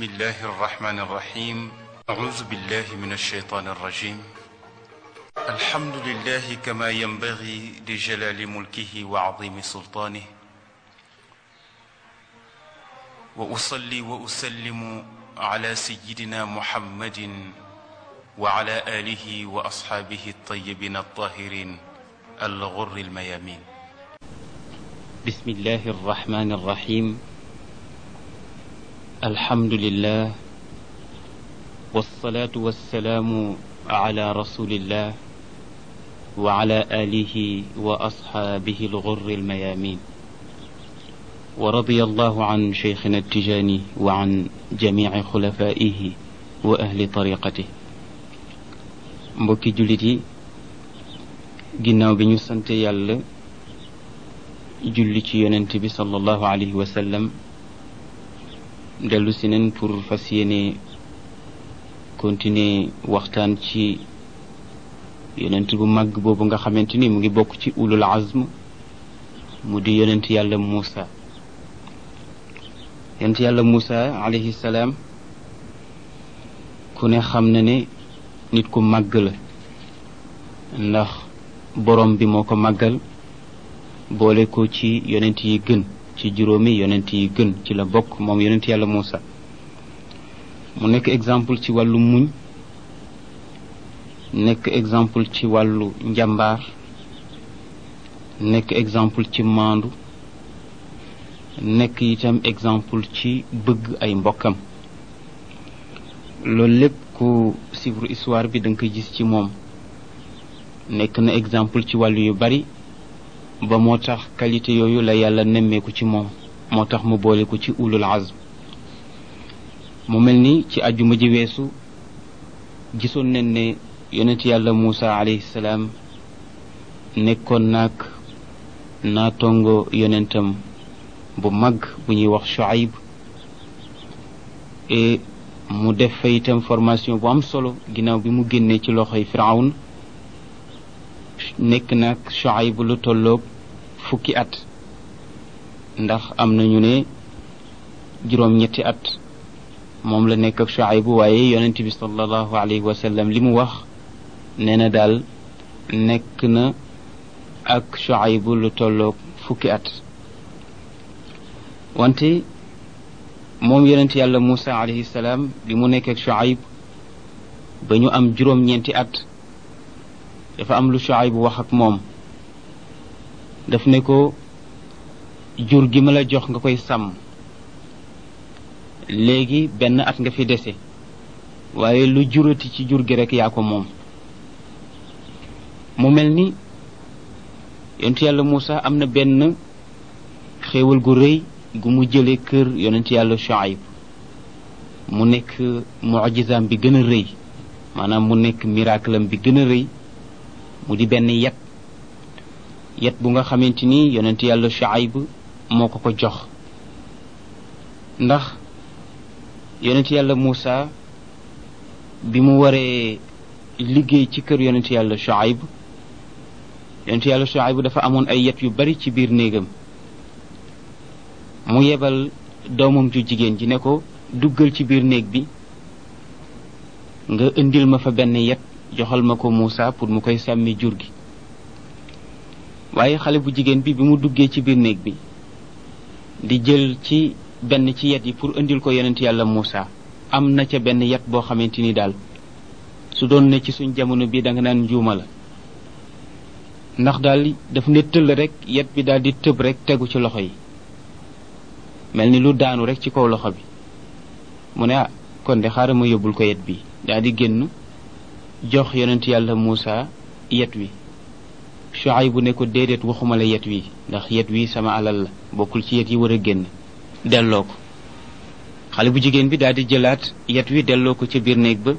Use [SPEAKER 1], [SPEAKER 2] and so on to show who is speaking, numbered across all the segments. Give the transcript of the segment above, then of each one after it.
[SPEAKER 1] بسم الله الرحمن الرحيم أعوذ بالله من الشيطان الرجيم الحمد لله كما ينبغي لجلال ملكه وعظيم سلطانه وأصلي وأسلم على سيدنا محمد وعلى آله وأصحابه الطيبين الطاهرين الغر الميامين بسم الله الرحمن الرحيم الحمد لله والصلاة والسلام على رسول الله وعلى آله وأصحابه الغر الميامين ورضي الله عن شيخنا التجاني وعن جميع خلفائه وأهل طريقته مبكي جلدي جناو bi ñu sante yàlla julli ci yonent bi dellusi si neen pour fas yéene continuer waxtaan ci yonent bu màgg boobu nga xamante ni mu ngi bokk ci ulul azm mu di yonent yàlla Muusa yonent yàlla Muusa alayhi salaam ku ne xam na ne nit ku màgg la ndax borom bi moo ko màggal boole ko ci yonent yi gën ci juróomi yonent yi gën ci la bokk moom yonent yàlla Muusa mu nekk exemple ci wàllu muñ nekk exemple ci wàllu njàmbaar nekk exemple ci maandu nekk itam exemple ci bëgg ay mbokkam loolu lépp ku suivre histoire bi da nga koy gis ci moom nekk na exemple ci wàllu yu bari ba moo tax qualité yooyu la yàlla nemmeeku ci moom moo tax mu boole ko ci ulul azm mu mel ni ci ajjuma ji weesu gisoon nañ ne yonent yàlla Muusa alayhi salaam nekkoon naa tongoo yonentam bu mag bu ñuy wax Shuaib mu def fa itam formation bu am solo ginnaaw bi mu génnee ci loxoy Firawun nekk nag Shuaib lu tolloog fukki at ndax am na ñu ne juróom ñetti at moom la nekk ak shuaybu waaye yonent bi salallahu alayhi wa sallam li mu wax nee na daal nekk na ak shuaybu lu tolloog fukki at wante moom yonent yàlla muusa alayhi salaam li mu nekk ak shuayb ba ñu am juróom ñeenti at dafa am lu shuaybu wax ak moom daf ne ko jur gi ma la jox nga koy sàmm léegi benn at nga fi dese waaye lu jurati ci jur gi rekk yaa ko moom mu mel ni yonent yàlla Muusa am na benn xéewal gu rëy gu mu jële kër yonent yàlla Shuayb mu nekk mujizaam bi gën a rëy maanaam mu nekk miracle bi gën a rëy mu di benn yat yet bu nga xamante ni yonent yàlla Shuayb moo ko ko jox ndax yonent yàlla Muusa bi mu waree liggéey ci kër yonent yàlla Shuayb yonent yàlla Shuayb dafa amoon ay yet yu bari ci biir néegam mu yebal doomam ju jigéen ji ne ko duggal ci biir néeg bi nga indil ma fa benn yet joxal ma ko Muusa pour mu koy sàmmi jur gi waaye xale bu jigéen bi bi mu duggee ci biir néeg bi di jël ci benn ci yet yi pour indil ko yonent yàlla Muusa am na ca benn yet boo xamante ni daal su doon ne ci suñ jamono bi danga naan njuuma la ndax daal daf ne tëll rek yet bi daal di tëb rek tegu ci loxo yi mel ni lu daanu rek ci kaw loxo bi mu ne ah kon de xaaral ma yóbbul ko yet bi daal di génn jox yonent yàlla Muusa yet wi Shuayb bu ne ko déedéet waxuma la yet wi ndax yet wi sama alal la bokkul ci yet yi war a génn delloo ko xale bu jigéen bi daal di jëlaat yet wi delloo ko ca biir néeg ba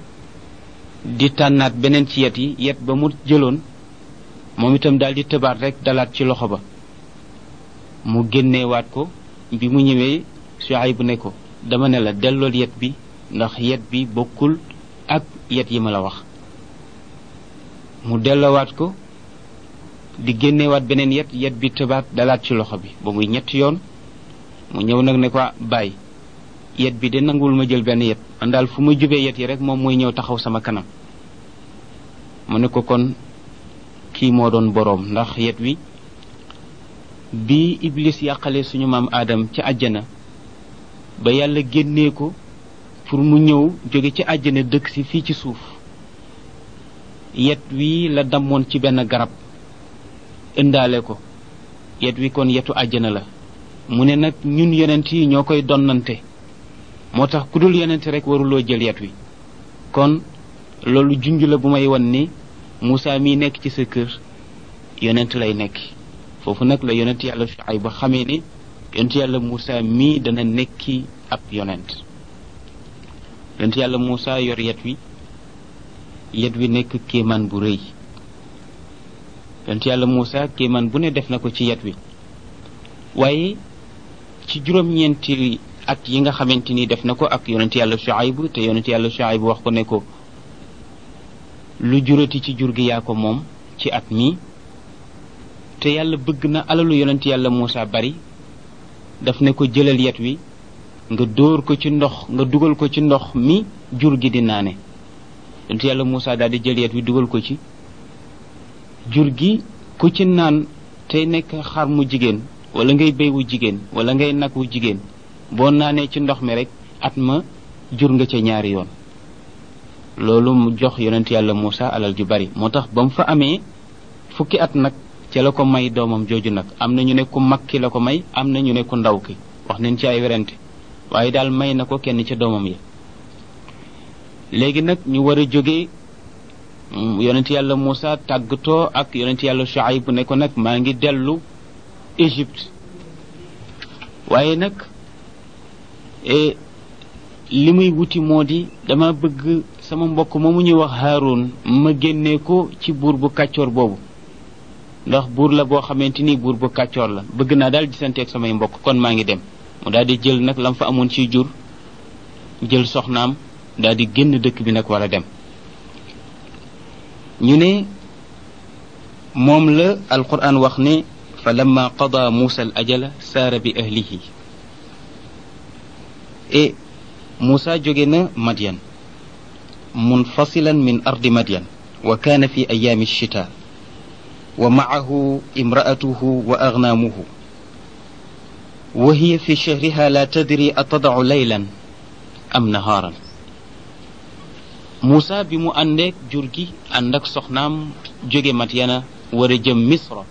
[SPEAKER 1] di tànnaat beneen ci yet yi yet ba mu jëloon moom itam daal di tëbaat rek dalaat ci loxo ba mu génnewaat ko bi mu ñëwee Shuayb bu ne ko dama ne la delloo yet bi ndax yet bi bokkul ak yet yi ma la wax mu dellowaat ko di wat beneen yet yet bi tëbaat dalaat ci loxo bi ba muy ñett yoon mu ñëw nag ne ko bàyyi yet bi de nangul ma jël benn yet man daal fu ma jubee yet yi rek moom mooy ñëw taxaw sama kanam mu ne ko kon kii moo doon boroom ndax yet wi bi iblis yàqale suñu maam aadam ci àjjana ba yàlla génnee ko pour mu ñëw jóge ci àjjana dëkk si fii ci suuf yet wi la damoon ci benn garab indaale ko yet wi kon yetu àjjana la mu ne nag ñun yonent yi ñoo koy donnante moo tax ku dul yonent rek waruloo jël yet wi kon loolu junj la bu may won ni Moussa mii nekk ci sa kër yonent lay nekk foofu nag la yonent yàlla ay ba xamee ni yonent yàlla Moussa mii dana nekki ab yonent yonent yàlla Moussa yor yet wi yet wi nekk kéemaan bu rëy yonent yàlla Moussa kéemaan bu ne def na ko ci yat wi waaye ci juróom-ñeenti at yi nga xamante ni def na ko ak yonent yàlla Shuayb te yonent yàlla Shuayb wax ko ne ko lu jurati ci jur gi yaa ko moom ci at mi te yàlla bëgg na alalu yonent yàlla Moussa bari daf ne ko jëlal yat wi nga dóor ko ci ndox nga dugal ko ci ndox mi jur gi di naane yonent yàlla Moussa daal di jël yat wi dugal ko ci jur gi ku ci naan tey nekk xar mu jigéen wala ngay béy wu jigéen wala ngay nag wu jigéen boo naanee ci ndox mi rek at ma jur nga ca ñaari yoon loolu mu jox yonent yàlla Muusa alal ju bari moo tax ba mu fa amee fukki at nag ca la ko may doomam jooju nag am na ñu ne ku mag ki la ko may am na ñu ne ku ndaw ki wax nañ ci ay werante waaye daal may na ko kenn ca doomam yi léegi nag ñu war a jóge yonent yàlla Moussa tàggatoo ak yonent yàlla Shuayb ne ko nag maa ngi dellu Égypte waaye nag e, li muy wuti moo di dama bëgg sama mbokk mu ñuy wax Haarun ma génnee ko ci buur bu kàccoor boobu ndax buur la boo xamante ni buur bu kàccoor la bëgg naa daal gisante ak samay mbokk kon maa ngi dem mu daal di jël nag lam fa amoon ci jur jël soxnaam daal di génn dëkk bi nag wala dem ñu ne moom la alquran wax ne falamma qada musa al ajala saara bi ahlihi et musa jóge na madian منفصلا من أرض مدين وكان في أيام الشتاء ومعه امرأته وأغنامه وهي في شهرها لا تدري أتضع ليلا أم نهارا موسى بمؤنك جرجي ànd ak soxnaam jóge Madyana war a jëm Misra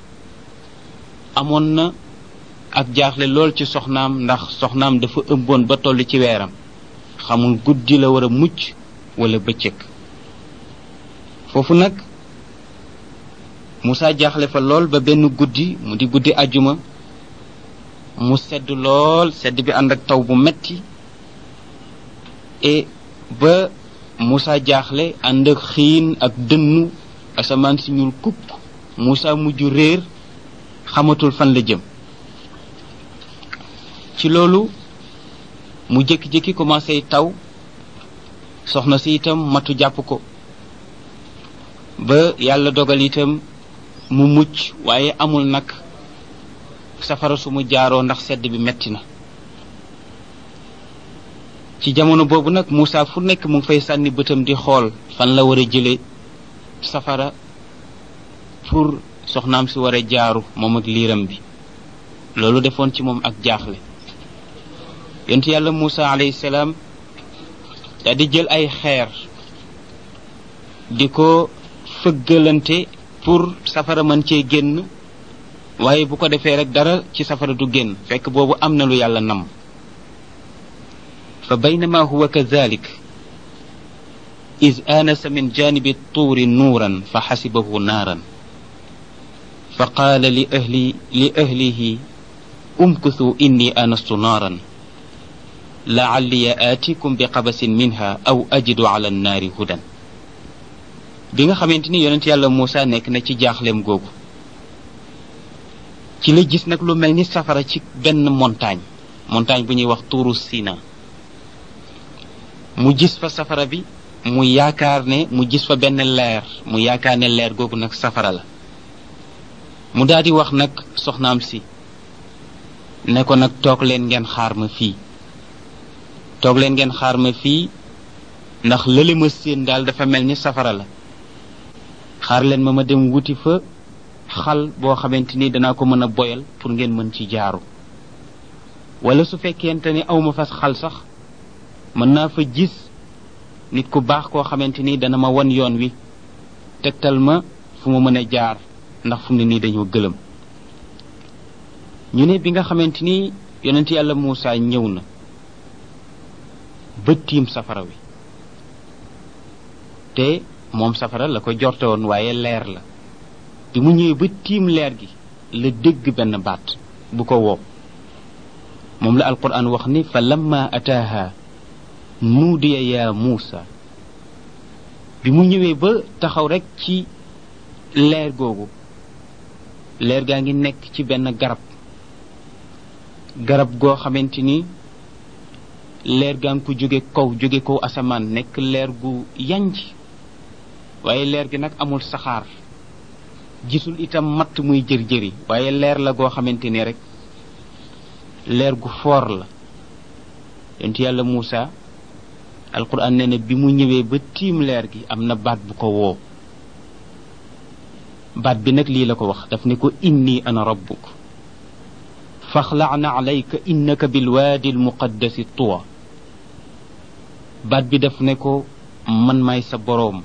[SPEAKER 1] amoon na ak jaaxle lool ci soxnaam ndax soxnaam dafa ëmboon ba toll ci weeram xamul guddi la war a mucc wala bëccëg foofu nag Moussa jaaxle fa lool ba benn guddi mu di guddi ajuma mu sedd lool sedd bi ànd ak taw bu metti et ba Moussa jaaxle ànd ak xiin ak dënnu asamaan si ñuul kukk Moussa mujj réer xamatul fan la jëm ci loolu mu jékki-jékki commencé taw soxna si itam matu jàpp ko ba yàlla dogal itam mu mucc waaye amul nag safara suma jaaroo ndax sedd bi metti na ci jamono boobu nag Moussa fu nekk mu ngi fay sànni bëtam di xool fan la war a jële safara pour soxnaam si war a jaaru moom ak liiram bi loolu defoon ci moom ak jaaxle yonent yàlla Moussa alayhi salaam di jël ay xeer di ko fëggalante pour safara mën cee génn waaye bu ko defee rek dara ci safara du génn fekk boobu am na lu yàlla nam فبينما هو كذلك إذ آنس من جانب الطور نورا فحسبه نارا فقال لأهلي لأهله أمكثوا إني آنست نارا لعلي آتيكم بقبس منها أو أجد على النار هدى بيغا خامتيني يونت يالا موسى نيك نا جاخلم غوغو سي لا جيس نك لو ملني سفارا سي بن مونتاج مونتاج بني واخ تورو سينا mu gis fa safara bi mu yaakaar ne mu jis fa benn leer mu yaakaar ne leer googu nag safara la mu daal di wax nag soxnaam si ne ko nag toog leen ngeen xaar ma fii toog leen ngeen xaar ma fii ndax lële ma séen daal dafa mel ni safara la xaar leen ma ma dem wuti fa xal boo xamante ni danaa ko mën a boyal pour ngeen mën ci jaaru wala su fekkente ni awma fas xal sax mën naa fa gis nit ku baax koo xamante ni dana ma won yoon wi tegtal ma fu ma mën a jaar ndax fu mu ne nii dañoo gëlëm ñu ne bi nga xamante ni yonent yàlla Muusa ñëw na ba tiim safara wi te moom safara la ko jorte woon waaye leer la bi mu ñëwee ba tiim leer gi la dégg benn baat bu ko woo moom la alquran wax ni fa lamma ataaha nudiya ya Musa, bi mu ñëwee ba taxaw rek ci leer googu leer gaa ngi nekk ci benn garab garab goo xamante ni leer gaa ngi ko jóge kaw jóge kaw asamaan nekk leer gu yanj waaye leer gi nag amul saxaar gisul itam matt muy jër jëri waaye leer la goo xamante ni rek leer gu foor la yent yàlla musa alquran nee na bi mu ñëwee ba tiim leer gi am na baat bu ko woo baat bi nag lii la ko wax daf ne ko inni ana rabbuk faxlaana alayka innaka bilwaadi almuqaddasi tuwa baat bi daf ne ko man maay sa boroom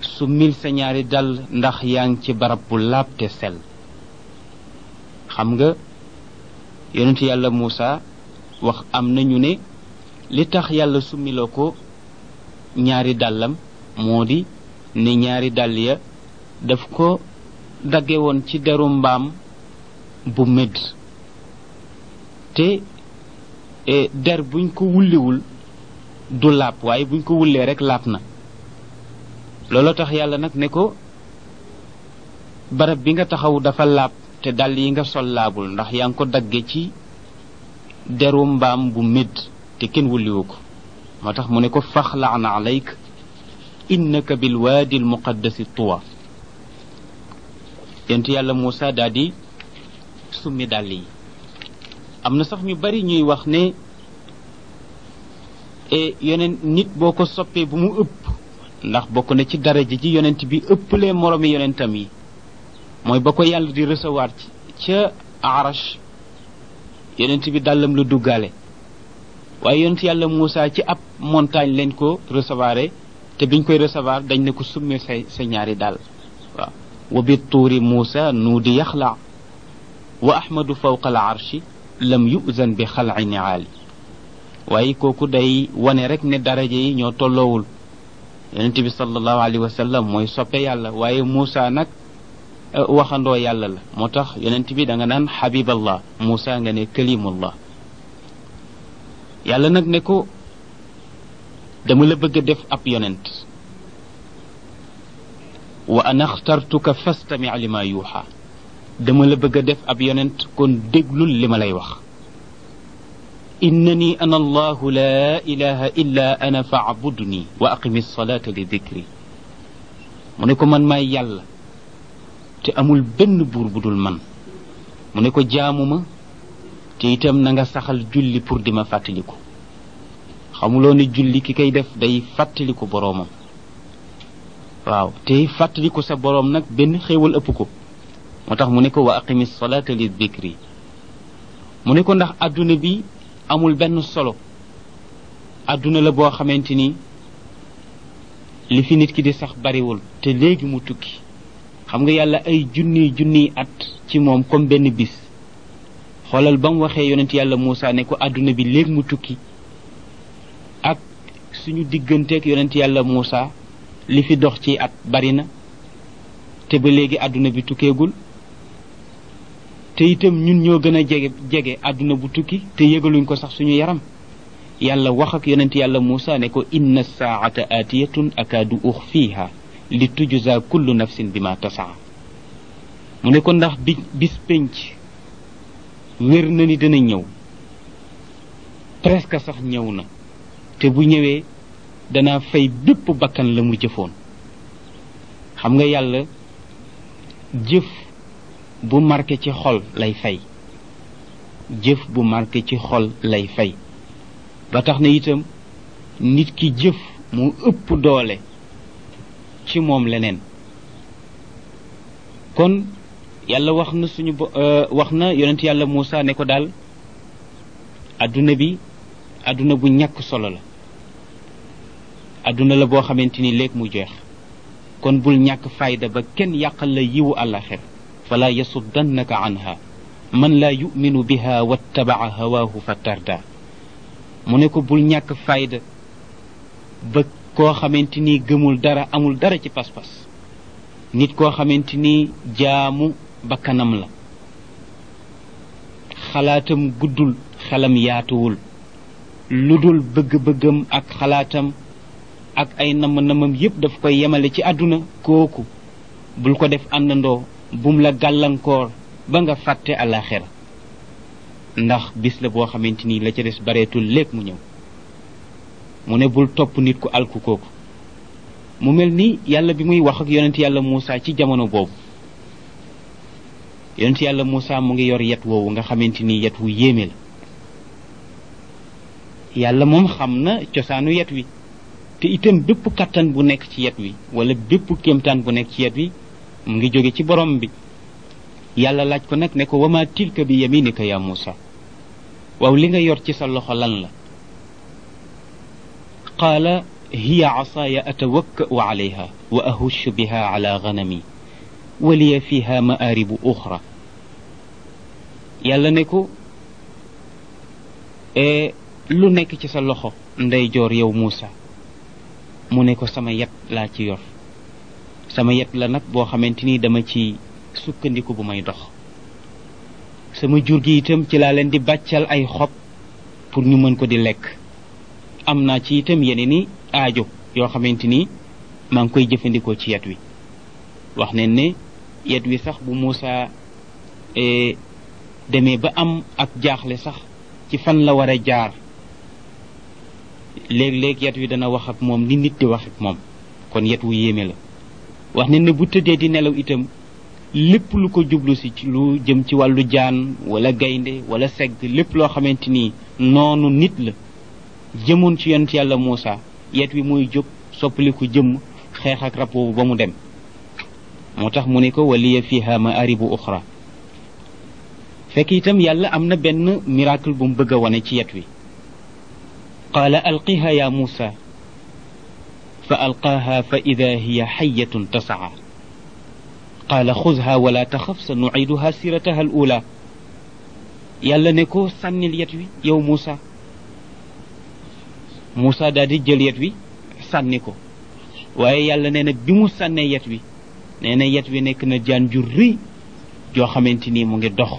[SPEAKER 1] su mil sa ñaari dal ndax yaa ngi ci barab bu laab te sel xam nga yonent yàlla Muusa wax am na ne li tax yàlla summiloo ko ñaari dàllam moo di ni ñaari dàll ya daf ko dagge woon ci deru mbaam bu medd te e, der buñ ko wulliwul du laab waaye buñ ko wullee rekk laab na looloo tax yàlla nag ne ko barab bi nga taxaw dafa laab te dàll yi nga sol laabul ndax yaa ngi ko dagge ci deru mbaam bu medd te kenn wulliwu ko moo tax mu ne ko faxlaan alayk innaka bil waadi al muqaddasi tuwa yent yàlla Moussa daal di summi dàll yi am na sax ñu bari ñuy wax ne e, yeneen nit boo ko soppee bu mu ëpp ndax bokk na ci daraja ji yonent bi ëpplee moroomi yonentam yi mooy ba ko yàlla di ci ca arash yonent bi dàllam la duggaale waaye yonent yàlla Moussa ci ab montagne leen ko recevoir te biñ koy recevoir dañ ne ko summi say sa ñaari daal waaw wa bi tuuri Moussa nuudi yaxla wa ahmadu fawqa al arshi lam yuzan bi xalci niaali waaye kooku day wane rek ne daraja yi ñoo tolloowul yonent bi sallallahu alayhi wa sallam mooy soppe yàlla waaye Moussa nag eh, waxandoo yàlla la moo tax yonent bi da nga naan xabiballah Moussa nga ne kalimullah yàlla nag ne ko dama la bëgg def ab yonent wa ana axtartuka fastami lima yuuxa dama la bëgg a def ab yonent kon déglul li ma lay wax إنني أنا الله لا إله إلا أنا فاعبدني وأقم الصلاة لذكري ko man ما yàlla te amul benn buur bu dul man mu ne ko jaamu ma te itam na nga saxal julli pour di ma fàttaliku xamuloo ne julli ki koy def day fàttaliku boroomam waaw tey fàttaliku sa boroom nag benn xéewal ëpp ko moo tax mu ne ko wa aqimi salaata li dikri mu ne ko ndax àdduna bi amul benn solo àdduna la boo xamante ni li fi nit ki di sax bariwul te léegi mu tukki xam nga yàlla ay junniy junniy at ci moom comme benn bis xoolal ba mu waxee yonent yàlla Moussa ne ko àdduna bi léegi mu tukki ak diggante digganteeg yonent yàlla Moussa li fi dox ci at bari na te ba léegi àdduna bi tukkeegul te itam ñun ñoo gën a jege àdduna bu tukki te yëgaluñ ko sax suñu yaram yàlla wax ak yonent yàlla Moussa ne ko inna saata aatiyatun akaadu uxfiiha li tujza kullu nafsin bi ma tasaa mu ne ko ndax bis pénc wér na ni dana ñëw presque sax ñëw na te bu ñëwee dana fay bépp bakkan la mu jëfoon xam nga yàlla jëf bu marqué ci xol lay fay jëf bu marqué ci xol lay fay ba tax na itam nit ki jëf mu ëpp doole ci moom leneen yàlla wax na suñu euh, wax na yonent yàlla Moussa ne ko daal adduna bi adduna bu ñàkk solo la adduna la boo xamante ni léeg mu jeex kon bul ñàkk fayda ba kenn yàqal la yiwu àllaxir fala ko anha man laa yuminu biha wattabaa hawaahu fa tarda mu ne ko bul ñàkk fayda ba koo xamante gëmul dara amul dara ci pas-pas nit koo xamante jaamu kanam la xalaatam guddul xelam yaatuwul lu dul bëgg-bëggam ak xalaatam ak ay namm-namam yépp daf ko yemale ci àdduna kooku bul ko def àndandoo bum la gàllankoor ba nga fàtte àllaaxira ndax bis la boo xamante ni la ca des bareetul lépp mu ñëw mu ne bul topp nit ku alku kooku mu mel ni yàlla bi muy wax ak yonent yàlla Muusaa ci jamono boobu yonent yàlla Moussa mu ngi yor yet woowu nga xamante ni yet wu yéeme la yàlla moom xam na cosaanu yet wi te itam bépp kattan bu nekk ci yet wi wala bépp kéemtaan bu nekk ci yet wi mu ngi jóge ci borom bi yàlla laaj ko nag ne ko wama tilka bi yaminika ya Moussa waaw li nga yor ci sa loxo lan la qaala hiya asaaya atawakka alayha wa ahushu biha ala ganami fii waliya fiha maaribu uxra yàlla ne ko e, lu nekk ci sa loxo ndeyjoor yow Muusa mu ne ko sama yet laa ci yor sama yet la nag boo xamante ni dama ci sukkandiku bu may dox sama jur gi itam ci laa leen di bàccal ay xob pour ñu mën ko di lekk am naa ci itam yeneen i aajo yoo xamante ni maa ngi koy jëfandikoo ci yet wi wax neen yet wi sax bu muusa eh, demee ba am ak jaaxle sax ci fan la war a jaar léeg-léeg yet wi dana wax ak moom ni nit di wax ak moom kon yet wu yéeme la wax ne ne bu tëddee di nelaw itam lépp lu ko jublu si lu jëm ci wàllu jaan wala gaynde wala segg lépp loo xamante ni noonu nit la jëmoon ci yonent yàlla Moussa yet wi mooy jóg soppaliku jëmm xeex ak rab boobu ba mu dem moo tax mu ne ko waliya fiha maaribu uxra fekk itam yàlla am na benn miracle bu mu bëgg a wane ci yet wi qaala alqiha ya muusa fa alqaaha fa ida hiya xayatun tasaa qaala xuzha wala taxaf sa nuciduha sirataha al ula yàlla ne ko sànnil yet wi yow muusa muusa daal di jël yet wi sànni ko waaye yàlla nee na bi mu sànnee yet wi nee na yet wi nekk na jaan ju rëy joo xamante ni mu ngi dox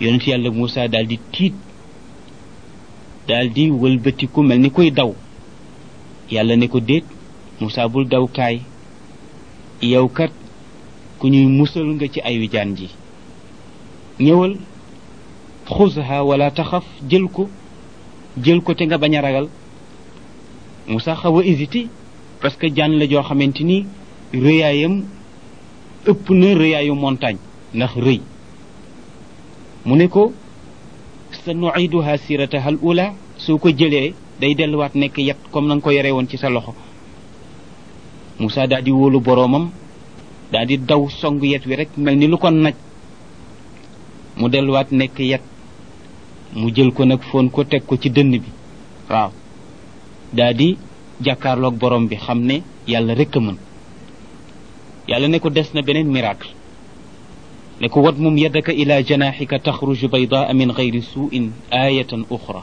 [SPEAKER 1] yonent yàlla Moussa daal tiit daal wëlbatiku mel ni koy daw yàlla ne ko déet Moussa bul daw yow kat ku ñuy musal nga ci ayu jaan ji ñëwal xusha wala taxaf jël ko jël ko te nga bañ a ragal Moussa xaw a parce que jann la jo xamanteni ni ëpp na nah montagne ndax reuy mu ne ko sa sirataha al ula su ko jëlee day delluwaat nek yat comme nang ko yore won ci sa loxo Moussa di wolu boromam daal di daw songu yet wi rek melni lu ko naj mu delluwaat nek yat mu jël ko nak fon ko tek ko ci dënd bi waaw daal di jàkkaarloog borom bi xam ne yàlla rek mën yàlla ne ko des na beneen miracle ne ko wat mum yadaka ila janaxika taxruju baydaa min gayri suin ayatan ukhra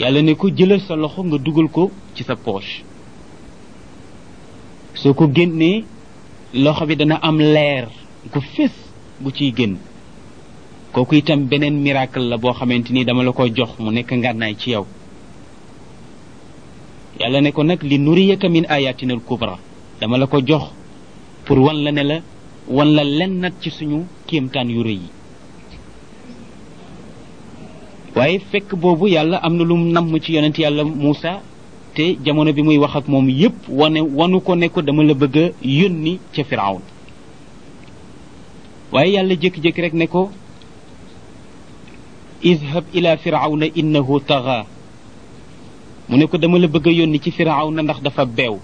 [SPEAKER 1] yàlla ne ko jëlal sa loxo nga dugal ko ci sa poche soo ko génnee loxo bi dana am leer gu fés bu ciy génn kooku itam beneen miracle la boo xamante ni dama la ko jox mu nekk ngànnaay ci yow yàlla ne ko nag li nuriyaka min ayatina al kubra dama la ko jox pour wan la ne la wan la len nag ci suñu kéemtaan yu rëy yi waaye fekk boobu yàlla am na lu namm ci yonent yàlla Muusa te jamono bi muy wax ak moom yépp wane wanu ko ne ko dama la bëgg a yónni ca Firawn waaye yàlla jékki-jékki rek ne ko izhab ila firawna innahu tagaa mu ne ko dama la bëgg a yónni ci firaaw na ndax dafa beew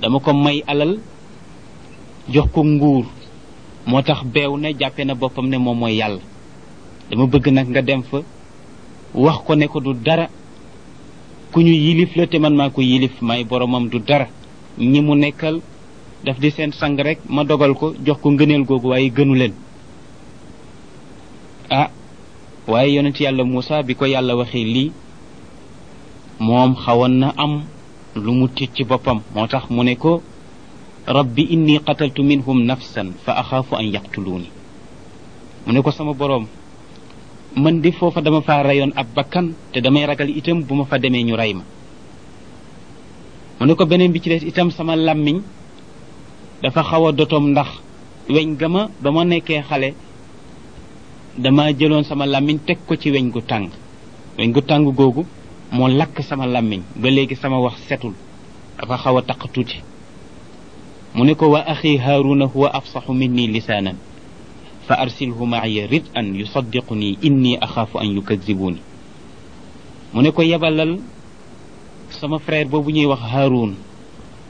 [SPEAKER 1] dama ko may alal jox ko nguur moo tax beew na jàppe na boppam ne moom mooy yàlla dama bëgg nag nga dem fa wax ko ne ko du dara ku ñu yilif la te man maa ko yilif may boromam du dara ñi mu nekkal daf di seen sang rek ma dogal ko jox ko ngëneel googu waaye gënu leen ah waaye yonent yàlla Muusa bi ko yàlla waxee lii moom xawoon na am lu mu tiit ci boppam moo tax mu ne ko rabbi inni qataltu minhum nafsan fa axaafu an yaqtuluuni mu ne ko sama boroom mën di foofa dama faa reyoon ab bakkan te damay ragal itam bu ma fa demee ñu rey ma mu ne ko beneen bi ci des itam sama làmmiñ dafa xaw a dotoom ndax weñ ga ma ba ma nekkee xale dama jëloon sama làmmiñ teg ko ci weñ gu tàng weñ gu tàng googu mo lakk sama làmmiñ ba léegi sama wax setul dafa xaw a taq tuuti mu ne ko wa axi haaruna huwa afsaxu minni lisaanan fa arsilhu maaya ridan yusaddiquni inni axaafu an yukadzibuni mu ne ko yebalal sama frère boobu ñuy wax haarun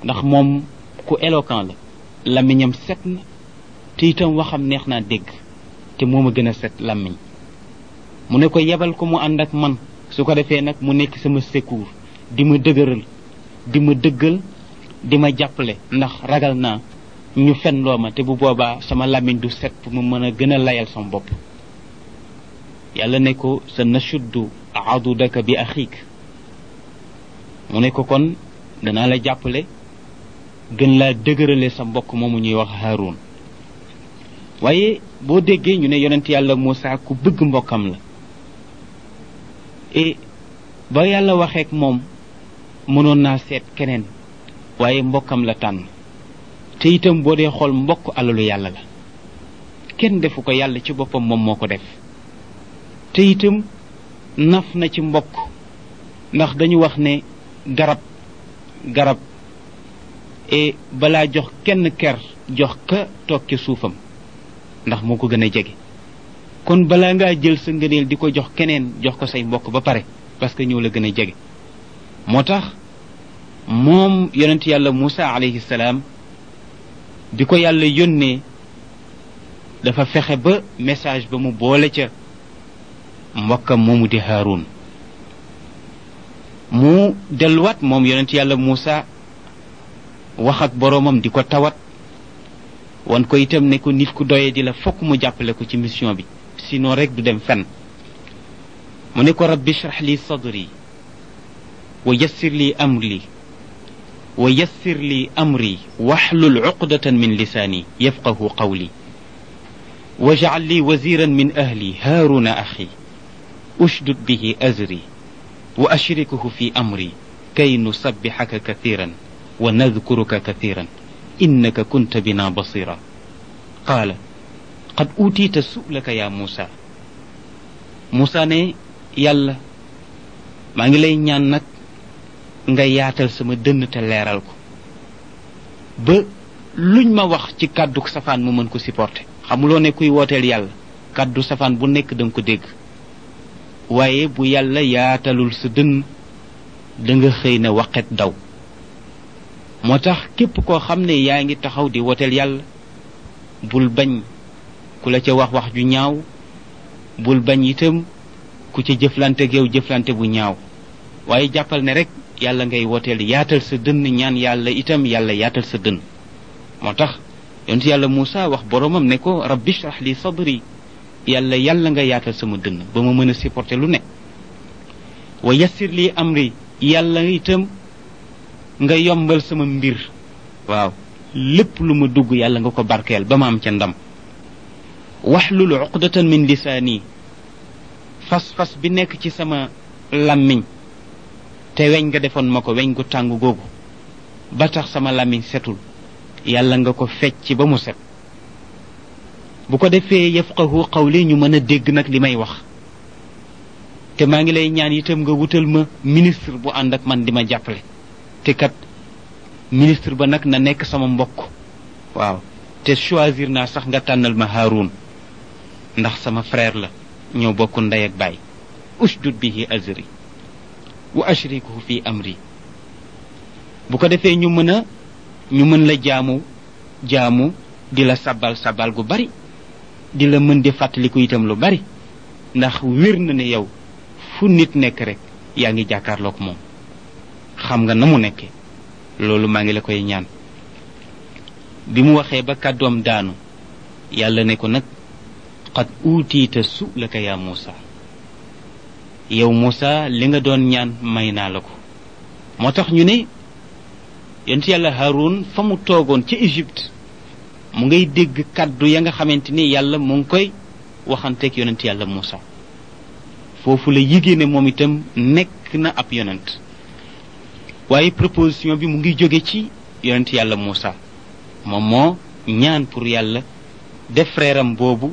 [SPEAKER 1] ndax moom ku éloquent la làmmiñam set na te itam waxam neex naa dégg te moo ma gën a set làmmiñ mu ne ko yebal ko mu ànd ak man su ko defee nag mu nekk sama secours di ma dëgëral di ma dëggal di ma jàppale ndax ragal naa ñu fen loo ma te bu boobaa sama làmmiñ du set pour mu mën a gën a layal sama bopp yàlla ne ko sa nashuddu adudaka bi axiik mu ne ko kon danaa la jàppale gën la dëgërale sa mbokk moomu ñuy wax Haroun waaye boo déggee ñu ne yonent yàlla Moussa ku bëgg mbokkam la et eh, ba yàlla waxeek moom mënoon naa seet keneen waaye mbokkam la tànn te itam boo dee xool mbokk alalu yàlla la kenn defu ko yàlla ci boppam moom moo ko def te itam naf na ci mbokk ndax dañu wax ne garab garab et eh, balaa jox kenn ker jox ka toog ci suufam ndax moo ko gën a jege kon balaa ngaa jël sa ngëneel di ko jox keneen jox ko say mbokk ba pare parce que ñëw la gën a jege moo tax moom yonent yàlla Moussa alayhi salaam bi ko yàlla yónnee dafa fexe ba message ba mu boole ca mbokkam moomu di Haarun mu delluwaat moom yonent yàlla Moussa wax ak boroomam di ko tawat wan ko itam ne ko nit ku doye di la fokk mu jàppale ko ci mission bi sino rek du dem fenn mu ne ko rabbi shrah li sadri wa yassir li amri wa yassir li amri wahlul uqdatan min lisani yafqahu qawli واجعل لي وزيرا من أهلي هارون أخي أشدد به أزري وأشركه في أمري كي نسبحك كثيرا ونذكرك كثيرا إنك كنت بنا بصيرا قال qad uutiita su'laka yaa Muusa Muusa ne yàlla maa ngi lay ñaan nag nga yaatal sama dënn te leeral ko ba luñ ma wax ci kàddu safaan mu mën ko supporter xamuloo ne kuy wooteel yàlla kàddu safaan bu nekk danga ko dégg waaye bu yàlla yaatalul sa dënn danga xëy na waqet daw moo tax képp koo xam ne yaa ngi taxaw di wooteel yàlla bul bañ ku la ca wax wax ju ñaaw bul bañ itam ku ca jëflante géew jëflante bu ñaaw waaye jàppal ne rek yàlla ngay wooteel yaatal sa dënn ñaan yàlla itam yàlla yaatal sa dënn moo tax yonent yàlla Muusa wax boroomam ne ko rabbi shrah li sadri yàlla yàlla nga yaatal sama dënn ba ma mën a supporter lu ne wa lii am amri yàlla itam nga yombal sama mbir waaw lépp lu ma dugg yàlla nga ko barkeel ba ma am ca ndam lu waxlul uqdatan min lisaani fas-fas bi nekk ci sama làmmiñ te weñ nga defoon ma ko weñ gu tàng googu ba tax sama làmmiñ setul yàlla nga ko fecc ba mu set bu ko defee yafqahu qawli ñu mën a dégg nag li may wax te maa ngi lay ñaan itam nga wutal ma ministre bu ànd ak man di ma jàppale te kat ministre ba nag na nekk sama mbokk waaw te choisir naa sax nga tànnal ma Haroun ndax sama frère la ñoo bokk ndey ak baay usdud bihi azri wa ashrikuhu fi amri bu ko defee ñu mën a ñu mën la jaamu jaamu di la sabal sabal gu bari di la mën di fàttaliku itam lu bari ndax wér na ne yow fu nit nekk rek yaa ngi jàkkaarlook moom xam nga na mu nekke loolu maa ngi la koy ñaan bi mu waxee ba kàddoom daanu yàlla ne ko nag qad uutiita su'laka yow Muusa li nga doon ñaan may naa la ko moo tax ñu ne yonent yàlla Haarun fa mu toogoon ca Égypte mu ngay dégg kàddu ya nga xamante ni yàlla mu ngi koy waxanteeg yonent yàlla Muusa foofu la yégée moom itam nekk na ab yonent waaye proposition bi mu ngi jóge ci yonent yàlla Muusa moom moo ñaan pour yàlla def frère boobu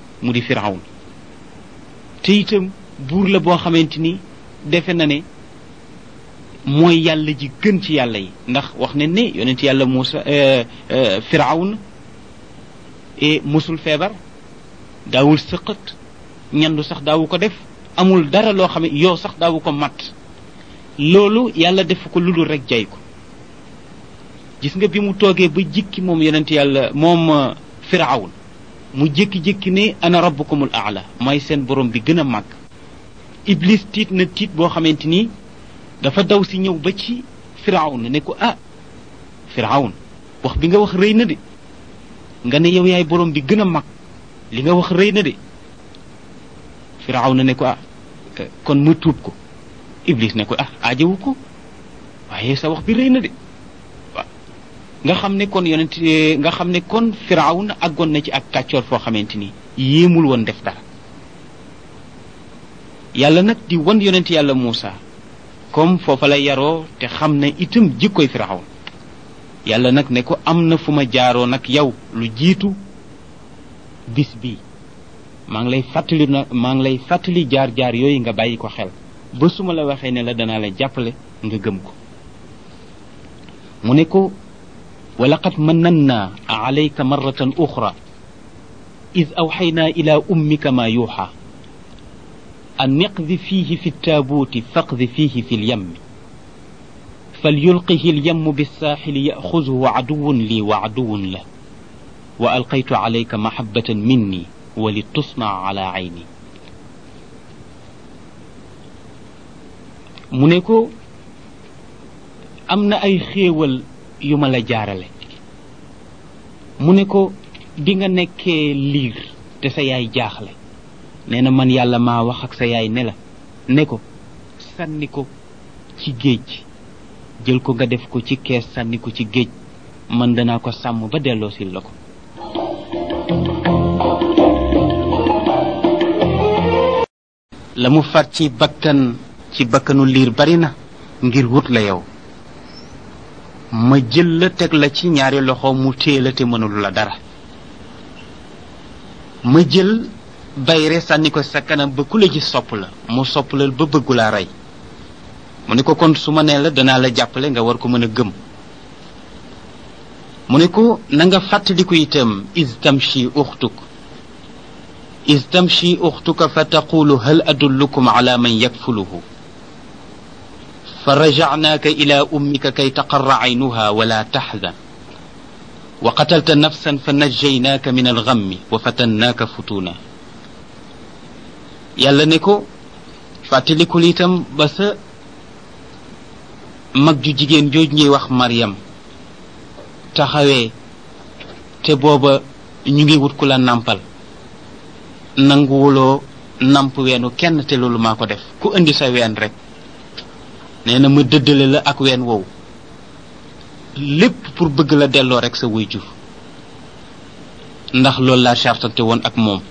[SPEAKER 1] mu di firawn te buur la boo xamante ni defe na ne mooy yàlla ji gën ci yàlla yi ndax wax ne ne yonent yàlla Muusa euh, euh, firawn e mosul feebar daawul sëqat ñandu sax daawu ko def amul dara loo xam yow sax daawu ko mat loolu yàlla def ko lu dul rek jay ko gis nga bi mu toogee ba jikki moom yonent yàlla moom euh, firawn mu jékki-jékki ne ana rabbukumul aala mooy seen borom bi gën a màgg iblis tiit na tiit boo xamante ni dafa daw si ñëw ba ci na ne ko ah firawun wax bi nga wax rëy na de nga ne yow yaay borom bi gën a mag li nga wax rëy na de firawun ne ko ah eh, kon mu tuub ko iblis ne ko ah aajawu ko waaye sa wax bi rëy na de nga xam ne kon yonent nga xam ne kon firawna àggoon na ci ak kàccoor foo xamante ni yéemul woon def dara yàlla nag di wan yonent yàlla Muusa comme foofa la yaroo te xam ne itam jikkoy firawn yàlla nag ne ko am na fu ma jaaroo nag yow lu jiitu bis bi maa ngi lay fàttali nag maa ngi lay fàttali jaar-jaar yooyu nga bàyyi ko xel ba su ma la waxee ne la danaa la jàppale nga gëm ko ولقد مننا عليك مرة أخرى إذ أوحينا إلى أمك ما يوحى أن يقذ فيه في التابوت فاقذف فيه في اليم فليلقه اليم بالساحل يأخذه عدو لي وعدو له وألقيت عليك محبة مني ولتصنع على عيني mu أمن أي خيول yu la jaarale mu ne ko bi nga nekkee liir te sa yaay jaaxle nee na man yàlla maa wax ak sa yaay ne la ne ko sànni ko ci géej jël ko nga def ko ci kees sànni ko ci géej man danaa ko sàmm ba delloosil la ko la mu far ci bakkan ci bakkanu liir bari na ngir wut la yow ma jël la teg la ci ñaari loxo mu téye la te mënul la dara ma jël bayre sànni ko sa kanam ba ku la gis sopp la mu sopp ba bëggulaa rey mu ne ko kon su ma nee la danaa la jàppale nga war ko mën a gëm mu ne ko na nga fàttaliku itam is tamshi uxtuk is tamshi uxtuka fa taqulu hal adullukum ala man yakfuluhu فرجعناك إلى أمك كي تقر عينها ولا تحزن وقتلت نفسا فنجيناك من الغم وفتناك فتونا يلا نيكو فاتلي كوليتم بس مجدو جيجين جوجني وخ مريم تخوي تبوبا نيجي وركولا نامبال نانغولو نامبوينو كان تلولو ماكو كو اندي ساويان رك nee na ma dëddale la ak ween wow lépp pour bëgg la delloo rek sa waajur ndax loolu laa chartante woon ak moom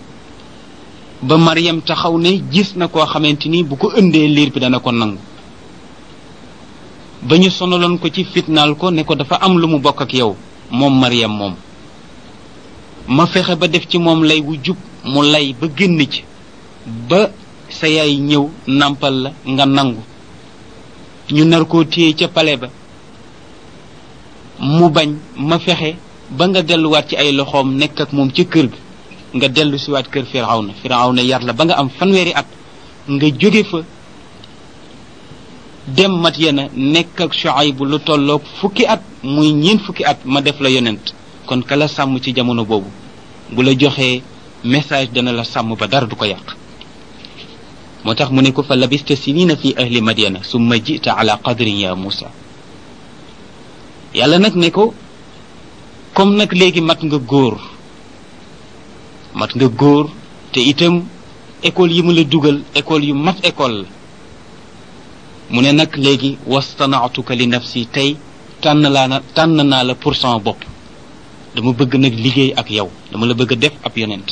[SPEAKER 1] ba Mariam taxaw ne gis na koo xamante ni bu ko ëndee liir bi dana ko nangu ba ñu sonaloon ko ci fitnaal ko ne ko dafa am lu mu bokk ak yow moom Mariam moom ma fexe ba def ci moom lay wu jub mu lay ba génn ci ba sa yaay ñëw nàmpal la nga nangu ñu nar ko téye ca pale ba mu bañ ma fexe ba nga delluwaat ci ay loxoom nekk ak moom ci kër gi nga dellu siwaat kër firawna firawna yar la ba nga am fanweeri at nga jóge fa dem mat yena nekk ak Shuayb lu tolloog fukki at muy ñeent fukki at ma def la yonent kon kala sàmm ci jamono boobu bu la joxee message dana la sàmm ba dara du ko yàq moo tax mu ne ko fa labista sinina fi ahli madiana summa jita ala qadrin ya Moussa yàlla nag ne ko comme nag léegi mat nga góor mat nga góor te itam école yi mu la dugal école yu mat école la mu ne nag léegi wastanaatuka li nafsi tey tànn laa na tànn naa la pour sama bopp dama bëgg nag liggéey ak yow dama la bëgg a def ab yonent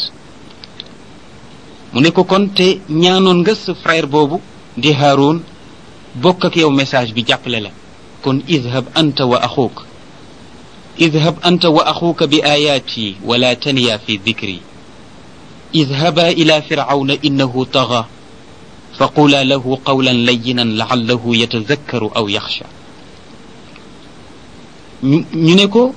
[SPEAKER 1] mu ne ko kon te ñaanoon nga sa frère boobu di haroun bokk ak yow message bi jàppale la kon idhab anta wa axuuk idhab anta wa axuuka bi ayaati wala taniya fi dhikri ila firaun innahu فرعون إنه طغى فقولا له قولا لينا لعله يتذكر أو يخشى ko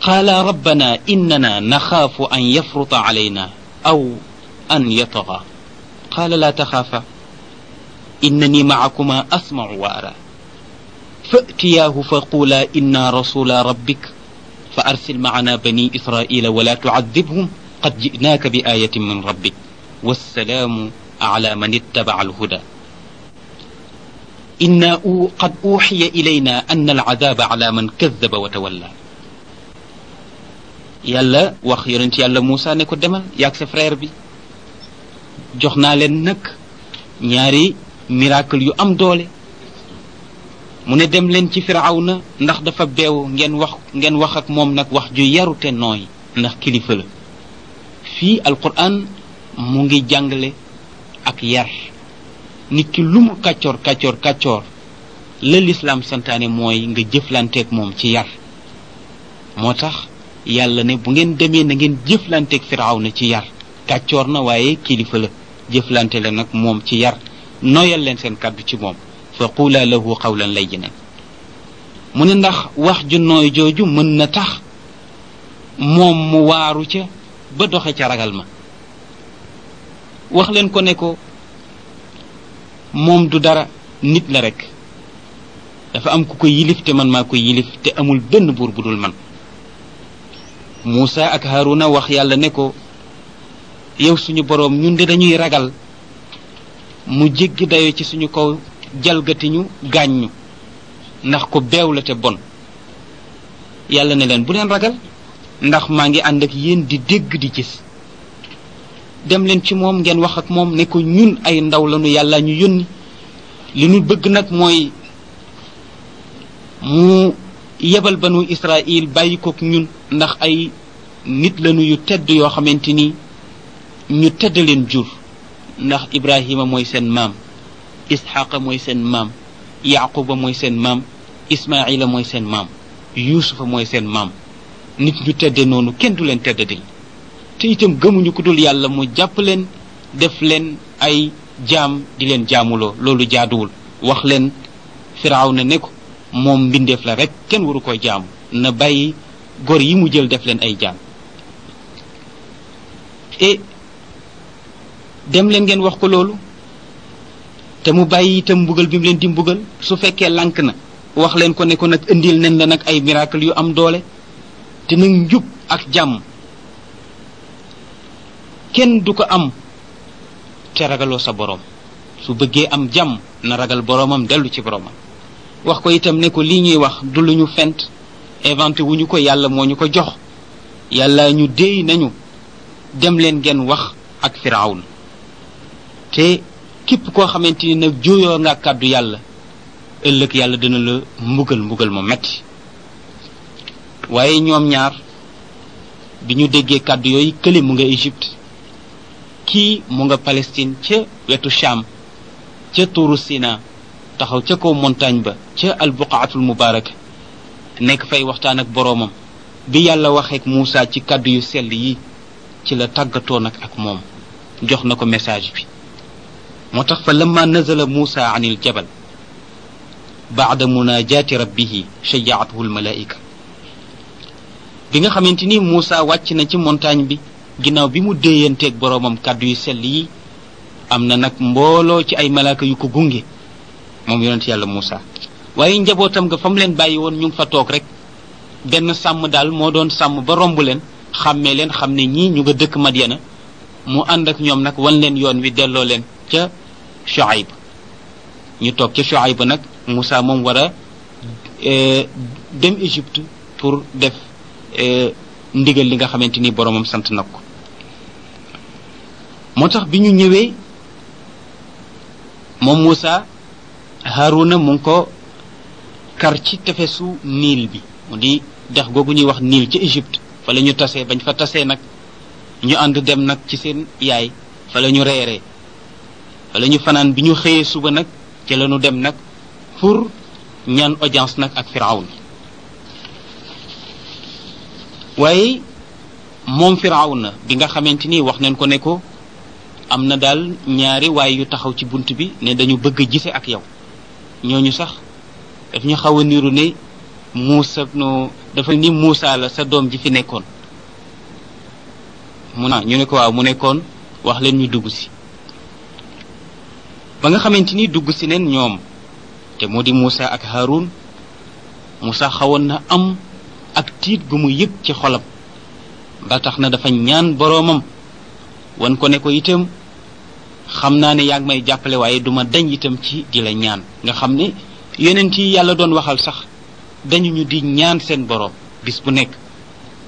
[SPEAKER 1] قال ربنا إننا نخاف أن يفرط علينا أو أن يطغى قال لا تخافا إنني معكما أسمع وأرى فأتياه فقولا إنا رسول ربك فأرسل معنا بني إسرائيل ولا تعذبهم قد جئناك بآية من ربك والسلام على من اتبع الهدى إنا قد أوحي إلينا أن العذاب على من كذب وتولى yàlla wax yonent yàlla Moussa ne ko demal yaag sa frère bi jox naa leen nag ñaari miracle yu am doole mu ne dem leen ci na ndax dafa beew ngeen wax ngeen wax ak moom nag wax ju yarute nooy ndax kilifa la fii alquran mu ngi jàngale ak yar nit ki lu mu kàccoor kàccoor kàccoor la lislaam santaane mooy nga jëflanteeg moom ci yar moo tax yàlla ne bu ngeen demee na ngeen jëflanteeg na ci yar kàccoor na waaye kilifa la jëflante leen nag moom ci yar noyal leen seen kàddu ci moom fa quulaa lahu lay layyinan mu ne ndax wax ju nooy jooju mën na tax moom mu waaru ca ba doxe ca ragal ma wax leen ko ne ko moom du dara nit la rekk dafa am ku ko yilif te man maa ko yilif te amul benn buur bu dul man Muusa ak Haruna wax yàlla ne ko yow suñu boroom ñun de dañuy ragal mu jéggi dayo ci suñu kaw jalgatiñu gaaññu ndax ko beew la te bon yàlla ne leen bu leen ragal ndax maa ngi ànd ak yéen di dégg di gis dem leen ci moom ngeen wax ak moom ne ko ñun ay ndaw lañu yàlla ñu yónni li ñu bëgg nag mooy mu yebal banu Israil bàyyi kook ñun ndax ay nit lañu yu tedd yoo xamante ni ñu tedd leen jur ndax Ibrahima mooy seen maam Isxaqa mooy seen maam Yaquba mooy seen maam Ismaila mooy seen maam Yuusufa mooy seen maam nit ñu tedde noonu kenn du leen tedde di te itam gëmuñu ko dul yàlla mu jàpp leen def leen ay jaam di leen jaamuloo loolu jaaduwul wax leen Firawna ne ko moom mbindeef la rek kenn waru ko jaamu na bàyyi gor yi mu jël def leen ay jaam e dem leen ngeen wax ko loolu te mu bàyyi itam mbugal bi mu leen di mbugal su fekkee lànk na wax leen ko ne ko nag indil nañ la nag ay miracle yu am doole te nag njub ak jàmm kenn du ko am te ragaloo sa boroom su bëggee am jàmm na ragal boromam dellu ci boroomam wax ko itam ne ko lii ñuy wax du lu ñu fent inventé wuñu ko yàlla moo ñu ko jox yàlla ñu déy nañu dem leen ngeen wax ak firawn te képp koo xamante ni nag jooyoo nga kàddu yàlla ëllëg yàlla dina la mbugal mbugal mu metti waaye ñoom ñaar bi ñu déggee kàddu yooyu kële mu nga Égypte kii mu nga Palestine ca wetu Cham ca tuuru Sina taxaw ca kaw montagne ba ca albuqaatul mubaraka nekk fay waxtaan ak boroomam bi yàlla waxeek Moussa ci kàddu yu sell yi ci la tàggatoo nag ak moom jox na ko message bi moo tax fa lamma nazala Moussa an il jabal baada munaajaati rabbihi shajaathu almalaika bi nga xamante ni Moussa wàcc na ci montagne bi ginnaaw bi mu déeyanteeg boroomam kàddu yu sell yi am na nag mbooloo ci ay malaaka yu ko gunge moom yonent yàlla Moussa waaye njabootam nga fa mu leen bàyyi woon ñu ngi fa toog rek benn sàmm daal moo doon sàmm ba romb leen xàmmee leen xam ne ñii ñu nga dëkk Madiana mu ànd ak ñoom nag wan leen yoon wi delloo leen ca Shuaib ñu toog ca ba nag Moussa moom war a e, dem Égypte pour def e, ndigal li nga xamante ni boromam sant na ko moo tax bi ñu ñëwee moom Moussa Haruna mu ngi ko kar ci tefesu niil bi mu di dex googu ñuy wax niil ci Égypte fa ñu tasee bañ fa tasee nag ñu ànd dem nag ci seen yaay fa ñu reeree fa ñu fanaan bi ñu xëyee suba nag ci la dem nag pour ñaan audience nag ak Firawn waaye moom Firawna bi nga xamante ni wax nañ ko ne ko am na daal ñaari waay yu taxaw ci bunt bi ne dañu bëgg a gise ak yow ñooñu sax daf ñu xaw a niru ne Muusa no dafa ni Muusa la sa doom ji fi nekkoon mu na ñu ne ko waaw mu nekkoon wax leen ñu dugg si ba nga xamante ni dugg si neen ñoom te moo di muusaa ak Haarun Muusa xawoon na am ak tiit gu mu yëg ci xolam ba tax na dafa ñaan boroomam wan ko ne ko itam xam naa ne yaa ngi may jàppale waaye duma dañ itam ci di la ñaan nga xam ne yeneen yi yàlla doon waxal sax dañu ñu di ñaan seen borom bis bu nekk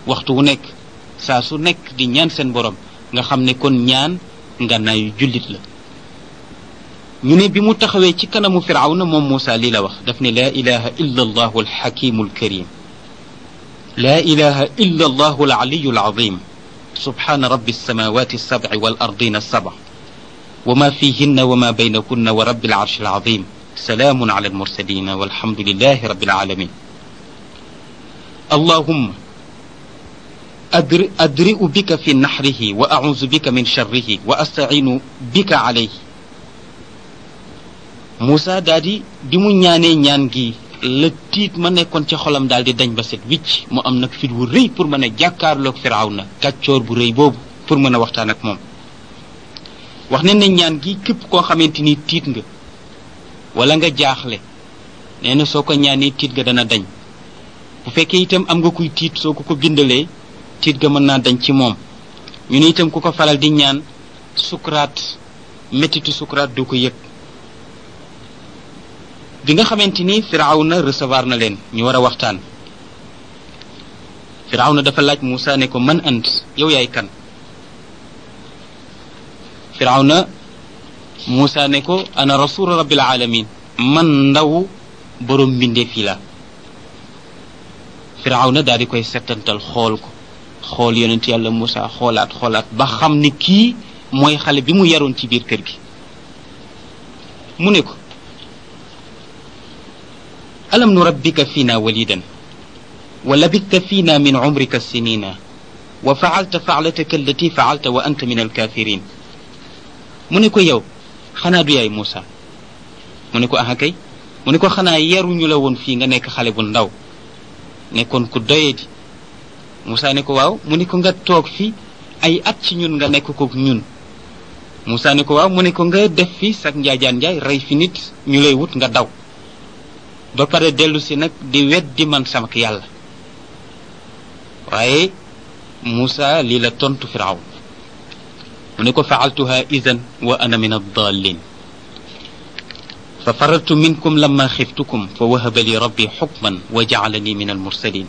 [SPEAKER 1] waxtu wu nekk saa su nekk di ñaan seen borom nga xam ne kon ñaan nga naayu jullit la ñu ne bi mu taxawee ci kanamu firawna moom Muusa lii la wax daf ne laa ilaha illa allahu alxakimu alkarim laa ilaha illa allahu alaliyu alazim subhana rabbi alsamawati alsabi wal ardina alsaba وما فيهن وما بينكن ورب العرش العظيم سلام على المرسلين والحمد لله رب العالمين اللهم أدرئ بك في نحره وأعوذ بك من شره وأستعين بك عليه موسى دادي بمو نياني نيانجي لتيت من يكون تخلم دال دي دنج بسيت ويتش مو في الوري فور من يكار فرعون كاتشور بوري بوب فور من وقتانك مومي wax nañ ne ñaan gi képp koo xamante ni tiit nga wala nga jaaxle nee na soo ko ñaanee tiit nga dana dañ bu fekkee itam am nga kuy tiit soo ko ko bindalee tiit ga mën naa dañ ci moom ñu ne itam ku ko faral di ñaan sukuraat méttitu sukuraat du ko yëg bi nga xamante ni Firawna recevoir na leen ñu war a waxtaan Firawna dafa laaj Moussa ne ko man ant yow yaay kan فرعون موسى نيكو انا رسول رب العالمين من نو بروم من دي فيلا فرعون داري كوي ستنتال خول خول يونت يالا موسى خولات خولات با خامني كي موي خالي بيمو يارون تي بير كيرغي مو نيكو الم نربك فينا وليدا ولبثت فينا من عمرك السنين وفعلت فعلتك التي فعلت وانت من الكافرين mu ne ko yow xanaa du yaay Moussa mu ne ko aha mu ne ko xanaa yaruñu la woon fii nga nekk xale bu ndaw nekkoon ku doyadi Moussa ne ko waaw mu ne ko nga toog fi ay at ci ñun nga nekk kook ñun Moussa ne ko waaw mu ne ko nga def fi sag njaajaan njaay rey fi nit ñu lay wut nga daw ba pare dellu si nag di wet di man sama yàlla waaye Moussa lii la tontu Firawn mu ne ko faaltuha idan wa ana min addaalin fa farartu minkum lamma xiftukum fa wahaba li rabbi xukman wa jaalani min almursalin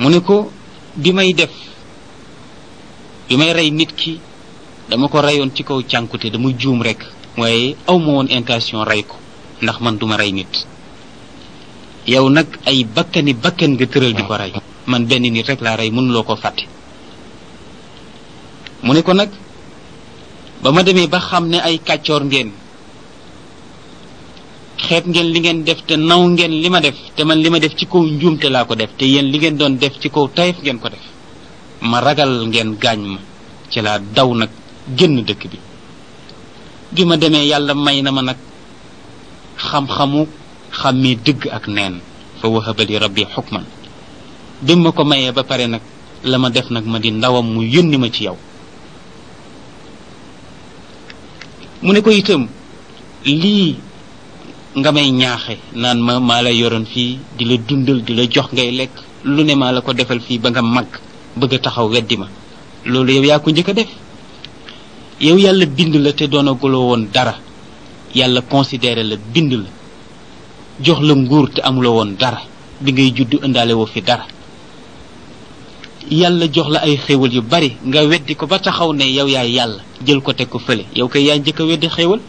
[SPEAKER 1] mu ne ko bi may def bi may rey nit ki dama ko reyoon ci kaw cànkute dama juum rek waaye aw ma woon intention rey ko ndax man duma rey nit yow nag ay bakkani bakkan nga tëral di ko rey man benn nit rek laa rey mënuloo ko fàtte mu ne ko nag ba ma demee ba xam ne ay kàccoor ngeen xeeb ngeen li ngeen def te naw ngeen li ma def te man li ma def ci kaw njuumte laa ko def te yéen li ngeen doon def ci kaw tayef ngeen ko def ma ragal ngeen gaañ ma ci laa daw nag génn dëkk bi bi ma demee yàlla may na ma nag xam-xamu xam mi dëgg ak neen fa wahabali rabbi xukman bi ma ko mayee ba pare nag la ma def nag ma di ndawam mu yónni ma ci yow mu ne ko itam lii nga may ñaaxe naan ma maa la yoroon fii di la dundal di la jox ngay lekk lu ne maa la ko defal fii ba nga mag bëgg a taxaw weddi ma loolu yow yaa ko njëkk a def yow yàlla bind la te doonaguloo woon dara yàlla considéré la bind la jox la nguur te amula woon dara bi ngay juddu ëndaale fi dara yàlla jox la ay xéewal yu bari nga weddi ko ba taxaw ne yow yaay yàlla jël ko teg ko fële yow kay yaa njëkk a weddi xéewal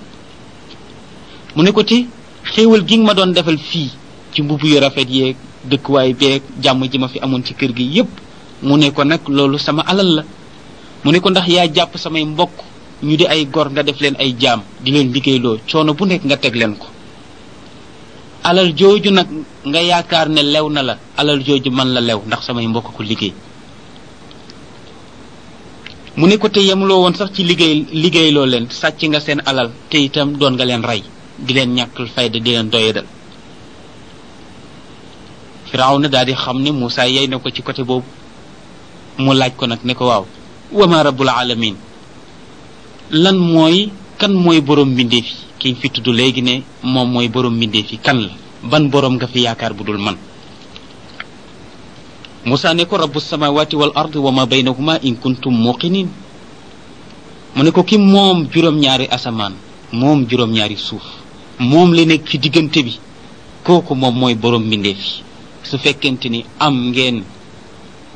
[SPEAKER 1] mu ne ko ci xéewal gi nga ma doon defal fii ci mbubb yu rafet yeeg dëkkuwaay beeg jàmm ji ma fi amoon ci kër gi yépp mu ne ko nag loolu sama alal la mu ne ko ndax yaa jàpp samay mbokk ñu di ay gor nga def leen ay jaam di leen liggéeyloo coono bu nekk nga teg leen ko alal jooju nag nga yaakaar ne lew na la alal jooju man la lew ndax samay mbokk liggéey mu ne ko te yemuloo woon sax ci liggéey liggéeyloo leen sàcc nga seen alal te itam doon nga leen rey di leen ñàkkal fayda di leen doyadal Firawna daal di xam ne Moussa yey na ko ci côté boobu mu laaj ko nag ne ko waaw wama rabbul alamin lan mooy kan mooy borom mbindeef yi ki fi tudd léegi ne moom mooy borom mbindeef yi kan la ban borom nga fi yaakaar bu dul man Moussa ne ko rabbu samawati wal ard wa ma baynahuma in kuntum muqinin mu ne ko ki moom juróom-ñaari asamaan moom juróom-ñaari suuf moom la nekk ci diggante bi kooku moom mooy boroom mbindeef su fekkente ni am ngeen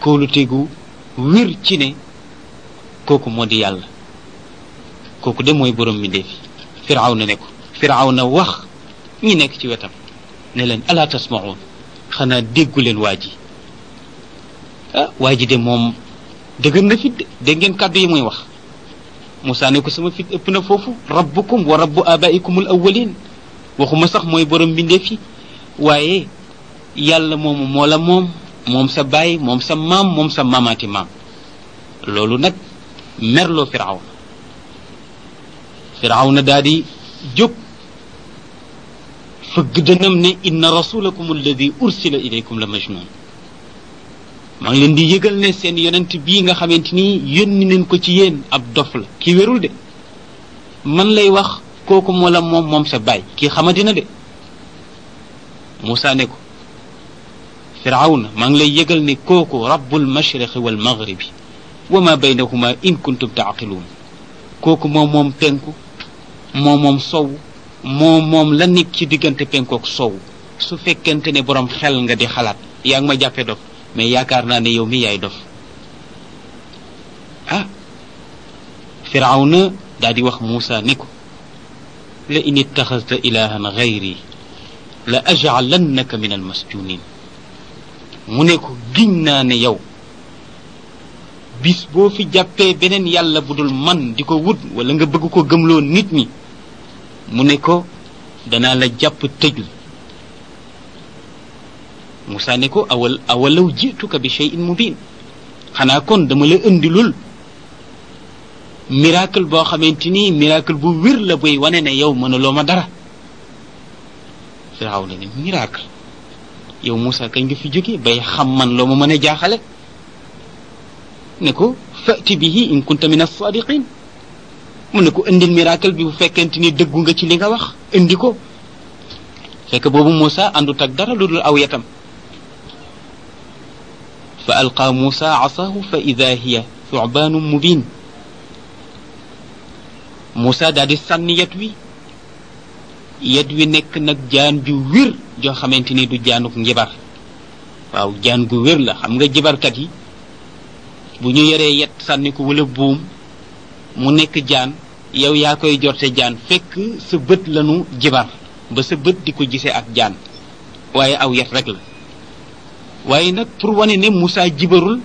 [SPEAKER 1] kóolutegu wér ci ne kooku moo di yàlla kooku de mooy borom mbindeef yi firawna ne ko firawna wax ñi nekk ci wetam ne leen ala tasmaun xanaa déggu waa ji ah ji de moom dëgër na fit dégg ngeen kàddu yi muy wax Moussa ne ko sama fit ëpp na foofu rabbukum wa rabbu abaikumul awwalin waxuma sax mooy borom mbindeef yi waaye yàlla moomu moo moom moom sa baay moom sa maam moom sa maamaati maam loolu nag merloo firawna firawna daal di jóg fëgg dënam ne inna rasulakum alladi ursila ilaykum la majnun maa ngi leen di yëgal ne seen yonent bii nga xamante ni yónni leen ko ci yéen ab dof la kii wérul de man lay wax kooku moo moom moom sa baay kii xamante na de Moussa ne ko firawna maa ngi lay yëgal ne kooku rabbul mashriqi wal maghribi wa ma baynahuma in kuntum taaqiluun kooku moo moom penku moo moom sow moom moom la nekk ci diggante penkook sow su fekkente ne boroom xel nga di xalaat yaa ngi ma jàppee dof mais yaakaar naa ne yow mi yaay dof ah firawna daal di wax Muusa ne ko la in ittaxasta ilahan gayri la ajcalannaka min almasjunin mu ne ko giñ naa ne yow bis boo fi jàppee beneen yàlla bu dul man di ko wut wala nga bëgg ko gëmloo nit ñi mu ne ko danaa la jàpp tëj Moussa ne ko awal awalaw jituka bi shay'in mubin xanaa kon dama la indilul miracle boo xamante ni miracle bu wér la buy wane ne yow mënaloo ma dara firaaw ne miracle yow Moussa kañ nga fi jóge bay xam man loo ma mën a jaaxale ne ko fati bihi in kunta min as-sadiqin mu ne ko indil miracle bi bu fekkente ni dëggu nga ci li nga wax indi ko fekk boobu Moussa àndut ak dara lu dul aw yatam fa alqaa muusa asahu fa ida hiya thubaanu mubin muusa daal di sànni yet wi yet wi nekk nag jaan ju wér joo xamante ni du jaanuk njibar waaw jaan gu wér la xam nga jibarkat yi bu ñu yoree yet sànni ko wala buum mu nekk jaan yow yaa koy jorte jaan fekk sa bët lanu jibar ba sa bët di ko gisee ak jaan waaye aw yet rek la waaye nag pour wane ne Moussa jibarul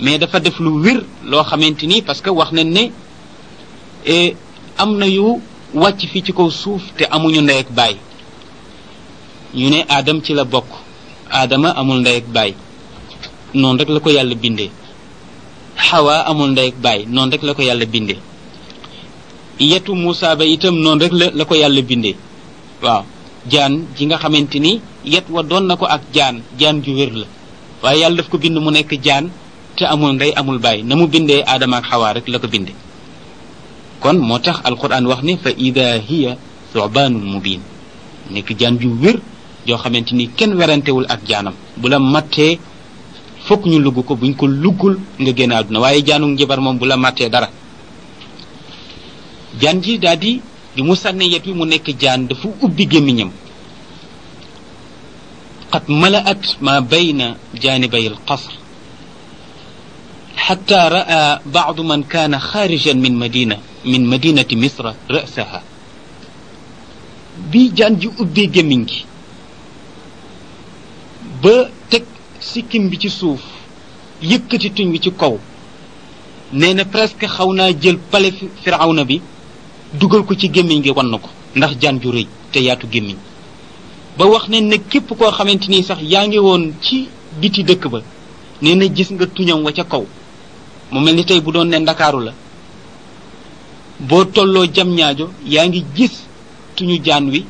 [SPEAKER 1] mais dafa def lu wér loo xamante ni parce que wax nañ ne e, am na yu wàcc fii ci kaw suuf te amuñu ndey ak baay ñu ne Adam ci la bokk Adama amul ndey ak baay noonu rek la ko yàlla bindee Xawa amul ndey ak baay noonu rek la ko yàlla bindee yetu Moussa ba itam noonu rek la la ko yàlla bindee waaw. jaan ji nga xamante ni yet wa doon na ko ak jaan jaan ju wér la waaye yàlla def ko bind mu nekk jaan te amul ndey amul baay na mu bindee aadama ak xawaa rek la ko binde kon moo tax alquran wax ne fa ida hiya thubaanul mubin nekk jaan ju wér joo xamante ni kenn werantewul ak jaanam bu la mattee fokk ñu lugg ko buñ ko luggul nga génn àdduna waaye jaanu njabar moom bu la mattee dara bi mu sànnee yet wi mu nekk jaan dafa ubbi gémmiñam qad mala'at ma bayna janibay al qasr hatta ra'a ba'd man kana kharijan min madina min madinati misra ra'saha bi jaan ji ubbi gémmiñ gi ba tek sikkim bi ci suuf yëkkati tuñ bi ci kaw neena presque xaw jël palais firawna bi dugal ko ci gémmiñ gi wan na ko ndax jaan ju rëy te yaatu gémmiñ ba wax ne ne képp koo xamante ni sax yaa ngi woon ci biti dëkk ba nee na gis nga tuñam wa ca kaw mu mel ni tey bu doon ndakaaru la boo tolloo jam ñaajo yaa ngi gis tuñu jaan wi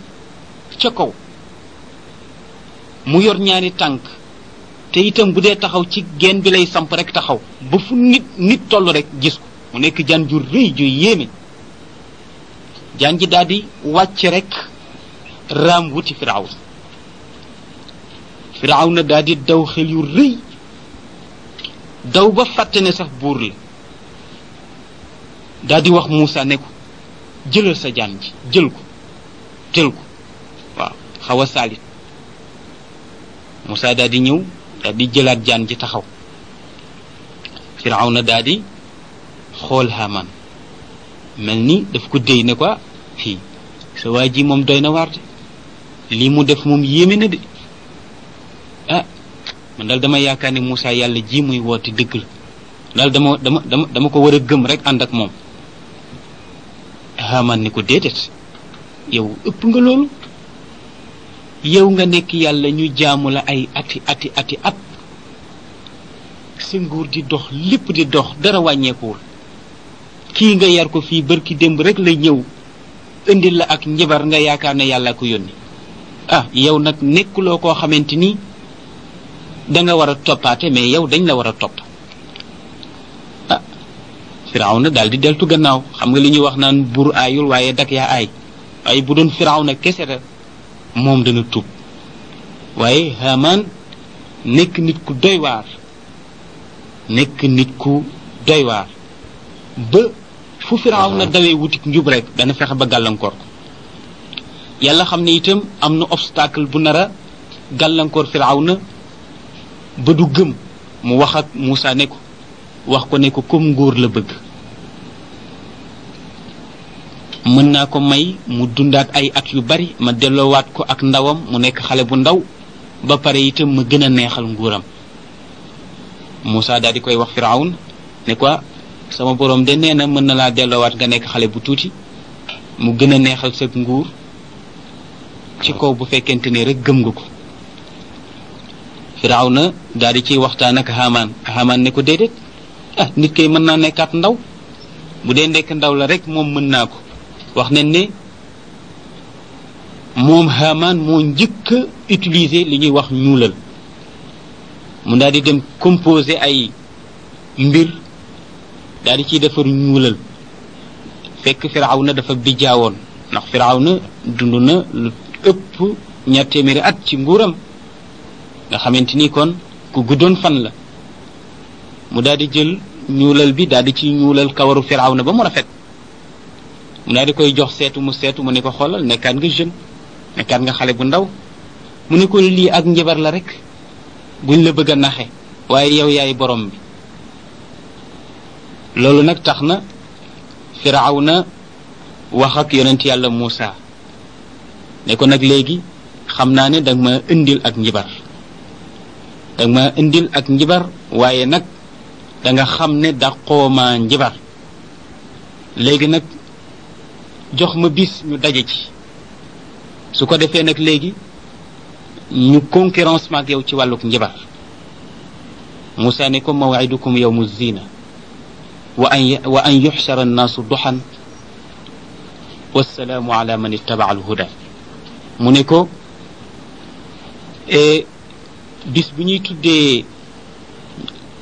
[SPEAKER 1] ca kaw mu yor ñaari tànk te itam bu dee taxaw ci geen bi lay samp rek taxaw ba fu nit nit toll rek gis ko mu nekk jaan ju rëy ju yéeme jaan ji daal di wàcc rekk raam wuti firawn firawn na daal di daw xel yu rëy daw ba fàtte ne sax buur la daal wax Moussa ne ko jëlal sa jaan ji jël ko jël ko waaw xaw saalit Moussa daal ñëw daal di jëlaat jaan ji taxaw firawn na daal di xool Haamaan mel ni daf ko déy ne quoi sa waa ji moom doy na waar lii mu def moom yéeme na de ah man dama yaakaar ne Moussa yàlla ji muy woote dëgg la daal dama dama dama dama ko war a gëm rek ànd ak moom Haamaan ah, ni ko déedéet yow ëpp nga loolu yow nga nekk yàlla ñu jaamu la ay ati ati ati at sa nguur di dox lépp di dox dara wàññeekuwul kii nga yar ko fii barki démb rek lay ñëw indil la ak njabar nga yaakaar ne yàllaa ko yónni ah yow nag nekkuloo koo xamante ni danga war a toppaate mais yow dañ la war a topp ah firawna daal di deltu gannaaw xam nga li ñuy wax naan buur aayul waaye dak yaa aay waaye bu doon firawna kese la moom dana tuub waaye Haamaan nekk nit ku doy nekk nit ku doy waar fu firaaw na dawee wutik njub rek dana fexe ba gàllankoor ko yàlla xam ne itam am na obstacle bu nar a gàllankoor firaaw na ba du gëm mu wax ak Moussa ne ko wax ko ne ko comme ngóor la bëgg mën naa ko may mu dundaat ay at yu bari ma delloowaat ko ak ndawam mu nekk xale bu ndaw ba pare itam ma gën a neexal ngóoram Moussa daldi koy wax Firawun ne ko sama borom de nee na mën na laa delloowaat nga nekk xale bu tuuti mu gën a neexal sa nguur ci kaw bu fekkente ne rek gëm nga ko Firawna daal di ciy waxtaan ak Haman Haman ne ko déedéet ah nit kay mën naa nekkaat ndaw bu dee nekk ndaw la rek moom mën naa ko wax nañ ne moom Haman moo njëkk a utiliser li ñuy wax ñuulal mu daal di dem composer ay mbir daal di ciy defar ñuulal fekk na dafa bijjaawoon ndax firawna dund na lu ëpp ñaar téeméeri at ci nguuram nga xamante ni kon ku guddoon fan la mu daal di jël ñuulal bi daal di ci ñuulal kawaru na ba mu rafet mu daal di koy jox seetu mu seetu mu ne ko xoolal nekkaat nga jeune nekkaat nga xale bu ndaw mu ne ko lii ak njabar la rek buñ la bëgg a naxe waaye yow yaay borom bi loolu nag tax na firawna wax ak yonent yàlla Muusa ne ko nag léegi xam naa ne danga ma indil ak njibar danga ma indil ak njibar waaye nag danga xam ne daqooma njibar léegi nag jox ma bis ñu daje ci su ko defee nag léegi ñu concurrence maag yow ci wàlluk njibar Muusa ne ko mawidukum yawmu zina wa an wa an yuxsara annaasu duxan wassalaamu ala man ittaba alhuda mu ne ko e, bis bu ñuy tuddee